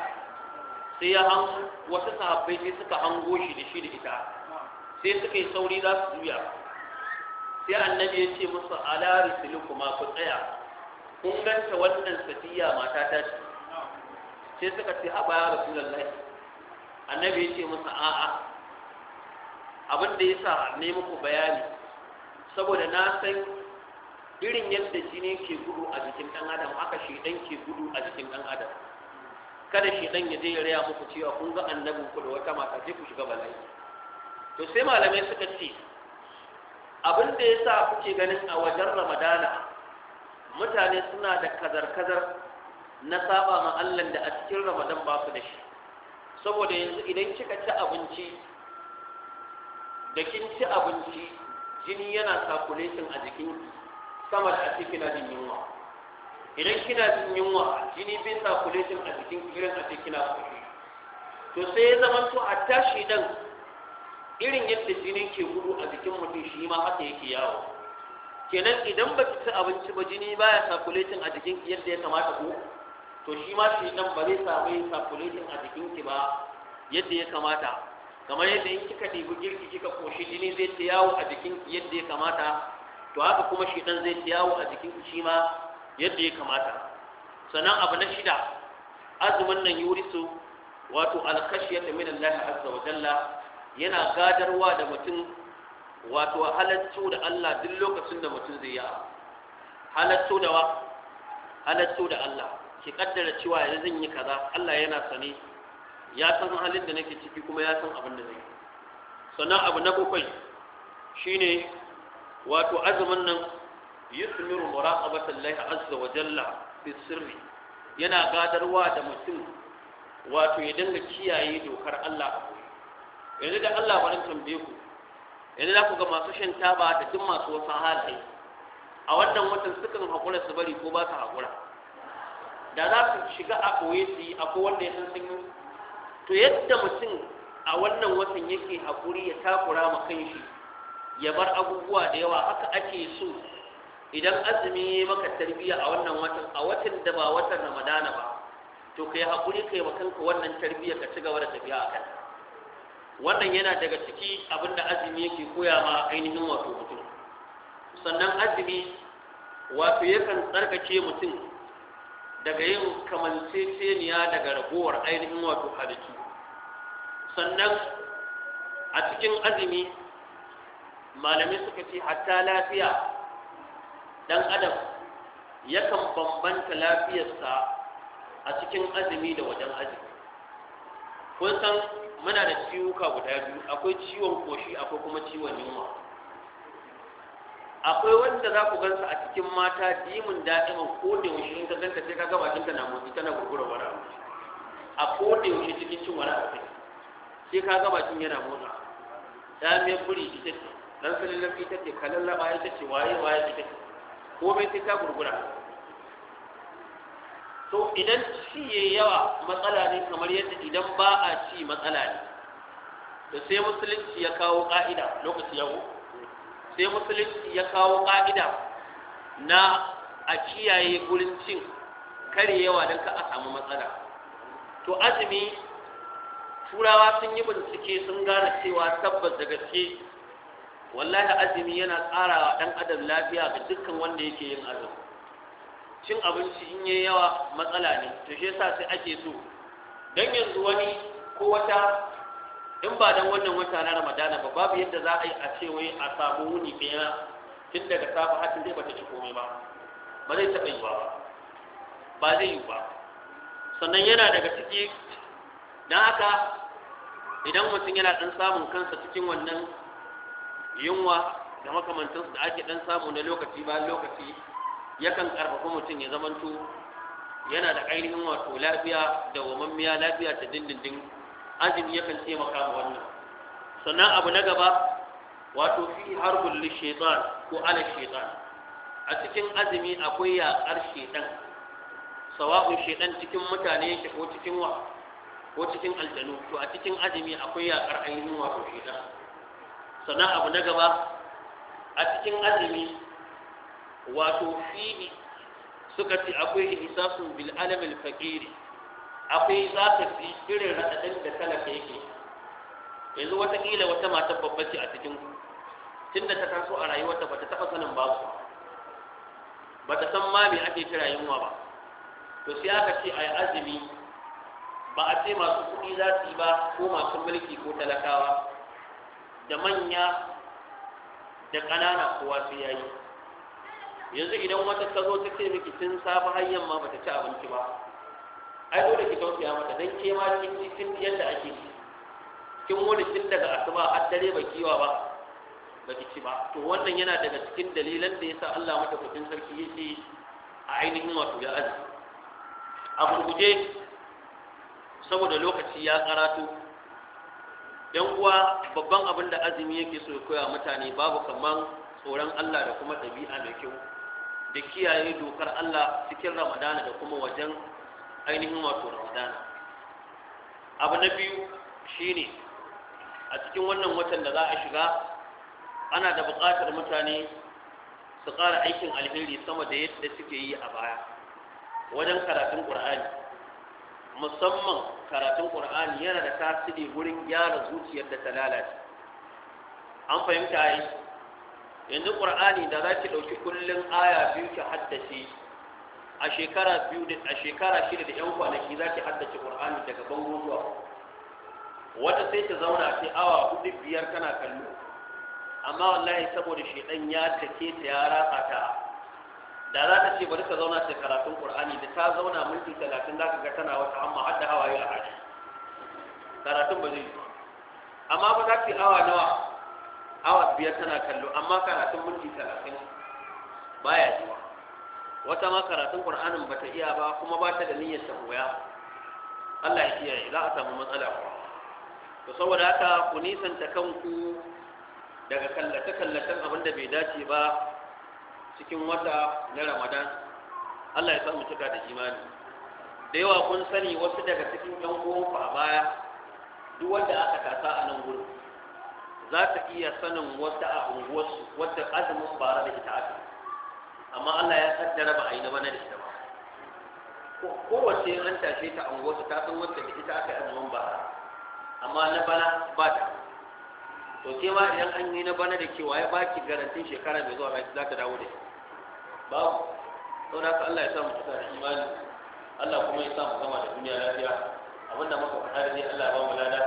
sai ya hango wasu sahabbai sai suka hango shi da shi da ita sai suka yi sauri za su juya sai annabi ya ce musu ala risilukuma ku tsaya ganta wannan safiya mata ta ce sai suka ce baya ya lai annabi ya ce musu a'a abin da ya sa ne muku bayani saboda na san irin yadda jini ke gudu a jikin ɗan adam haka shedan ke gudu a jikin ɗan adam kada shedan ya je ya raya muku cewa kun ga annabin ku da wata mata sai ku shiga bala'i to sai malamai suka ce abin da sa kuke ganin a wajen ramadana mutane suna da kazar-kazar na saba ma Allah da a cikin Ramadan ba su da shi saboda yanzu idan kika ci abinci da kin ci abinci jini yana circulating a jikin sama da ake kina jin yunwa idan kina jin yunwa jini bai circulating a jikin irin a cikin kina koshi to sai ya zama to a tashi dan irin yadda jini ke gudu a jikin mutum shi ma haka yake yawo kenan idan ba ta ci abinci ba jini ba ya circulating a jikin ki yadda ya kamata ko to shi ma shi dan ba zai samu yin circulating a jikin ki ba yadda ya kamata kamar yadda in kika ɗibi girki kika koshi jini zai ta yawo a jikin ki yadda ya kamata to haka kuma shi dan zai ta yawo a jikin ki shi ma yadda ya kamata sannan abu na shida azumin nan yurisu wato alkashiyatu minan Allah azza wa jalla yana gadarwa da mutum wato halattu da Allah duk lokacin da mutum zai yi halattu da wa halattu da Allah ki kaddara cewa yanzu zan yi kaza Allah yana sani ya san halin da nake ciki kuma ya san abin da zai sannan abu na bakwai shine wato azumin nan yusmiru muraqabatallahi azza wa jalla fi sirri yana gadarwa da mutum wato ya dinga kiyaye dokar Allah yanzu da Allah wani tambaye ku yanzu za ku ga masu shan taba da duk masu wasu halaye a wannan watan sukan haƙura su bari ko ba su haƙura da za su shiga a koye su yi akwai wanda ya san sun to yadda mutum a wannan watan yake haƙuri ya takura ma kanshi ya bar abubuwa da yawa haka ake so idan azumi ya maka tarbiyya a wannan watan a watan da ba watan ramadana ba to kai haƙuri kai ma kanka wannan tarbiyya ka ci gaba da tafiya a kanta wannan yana daga ciki abinda azumi yake koya ma ainihin wato mutum sannan azumi wato yakan tsarkake mutum daga yin kamanceceniya daga ragowar ainihin wato halittu sannan a cikin azumi malamai suka ce hatta lafiya dan adam yakan bambanta lafiyarsa a cikin azumi da wajen azumi kun san muna da ciwuka guda biyu akwai ciwon koshi akwai kuma ciwon yunwa akwai wanda za ku gansa a cikin mata dimin da'iman ko da yaushe in ka ganta sai ka ga bakin ta na motsi tana gurgura wara? a ko da yaushe cikin cin wani abu sai ka ga bakin yana motsa ta me buri ita ce dan sanin lafi ta ce kalalla ba ita ce waye waye ita ce bai sai ta gurgura to idan ci ya yawa matsala ne kamar yadda idan ba a ci matsala ne da sai musulunci ya kawo ƙa'ida lokaci yawo sai musulunci ya kawo ƙa'ida na a kiyaye gurin cin kare yawa don ka a samu matsala to azumi turawa sun yi bincike sun gane cewa tabbas da gaske wallahi azumi yana tsarawa dan ɗan adam lafiya ga dukkan wanda yake yin azumi cin abinci in yi yawa matsala ne to shi yasa sai ake so dan yanzu wani ko wata in ba dan wannan wata na Ramadana ba babu yadda za a yi a ce wai a samu wuni ɗaya tun daga safa har zai bata ci komai ba ba zai taɓa yi ba ba zai yi ba sannan yana daga ciki dan haka idan mutum yana dan samun kansa cikin wannan yunwa da makamantansu da ake dan samu na lokaci bayan lokaci yakan karfafa mutum ya zamanto yana da ainihin wato lafiya da wamammiya lafiya ta dindindin azumi yakan taimaka ma wannan sannan abu na gaba wato fi harbul lishaitan ko ala shaitan a cikin azumi akwai yaƙar shaitan sawa'u shaitan cikin mutane yake ko cikin wa ko cikin aljanu to a cikin azumi akwai yaƙar ainihin wato shaitan sannan abu na gaba a cikin azumi wato fihi suka ce akwai ihsasun bil al faqiri akwai za fi irin raɗaɗin da talaka yake yanzu watakila wata mata babba ce a cikin ku tunda ta taso a rayuwarta bata taɓa sanin babu bata san ma me ake kira yunwa ba to sai aka ce a yi azumi ba a ce masu kuɗi za su yi ba ko masu mulki ko talakawa da manya da ƙanana kowa sai ya yi yanzu idan wata ta zo ta ce miki tun safe har yamma bata ci abinci ba ai dole ki tausaya mata dan ke ma kin ci tun yadda ake ci kin wani tun daga asuba har dare ba kiwa ba ba ki ci ba to wannan yana daga cikin dalilan da yasa Allah mata kudin sarki yace a ainihin wato ya azu a gurguje saboda lokaci ya karatu yan uwa babban abin da azumi yake so ya koya mutane babu kaman tsoron Allah da kuma ɗabi'a mai kyau da kiyaye dokar Allah cikin Ramadana da kuma wajen ainihin wato Ramadana abu na biyu shine a cikin wannan watan da za a shiga ana da buƙatar mutane su ƙara aikin alheri sama da yadda suke yi a baya wajen karatun Qur'ani. musamman karatun ƙur'ani yana da tasiri wurin gyara zuciyar da ta lalace an fahimta yi yanzu ƙur'ani da za ki ɗauki kullum aya biyu ki haddace a shekara biyu da a shekara shida da yan kwanaki za ki haddace ƙur'ani daga bango zuwa wata sai ta zauna sai awa hudu biyar tana kallo amma wallahi saboda shedan ya take ta ya ratsa ta da za ta ce bari ka zauna ta karatun ƙur'ani da ta zauna minti talatin za ka ga tana wata amma har da hawaye a hali karatun ba zai yi amma ba za ki awa nawa awa biyar tana kallo amma karatun mulki talatin baya zuwa wata ma karatun qur'anin bata iya ba kuma ba ta da niyyar ta koya Allah ya kiyaye za a samu matsala kuwa to saboda haka ku nisanta kanku daga kallata kallatan abin da bai dace ba cikin wata na Ramadan Allah ya samu cika da imani da yawa kun sani wasu daga cikin yan uwanku a baya duk wanda aka kasa a nan gurin za ta iya sanin wata a unguwarsu wadda azumin bara da ita aka amma Allah ya kaddara ba a yi na bana da ita ba kowace an tashe ta unguwarsu ta san wacce da ita aka azumin bara amma na bana ba ta to ke ma idan an yi na bana da kewa ya baki garantin shekara mai zuwa za ta dawo da ita babu sau da Allah ya sa mu kusa da imani Allah kuma ya sa mu zama da duniya lafiya abinda muka faɗa da ne Allah ya ba mu lada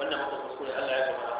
wannan muka kuskure Allah ya gama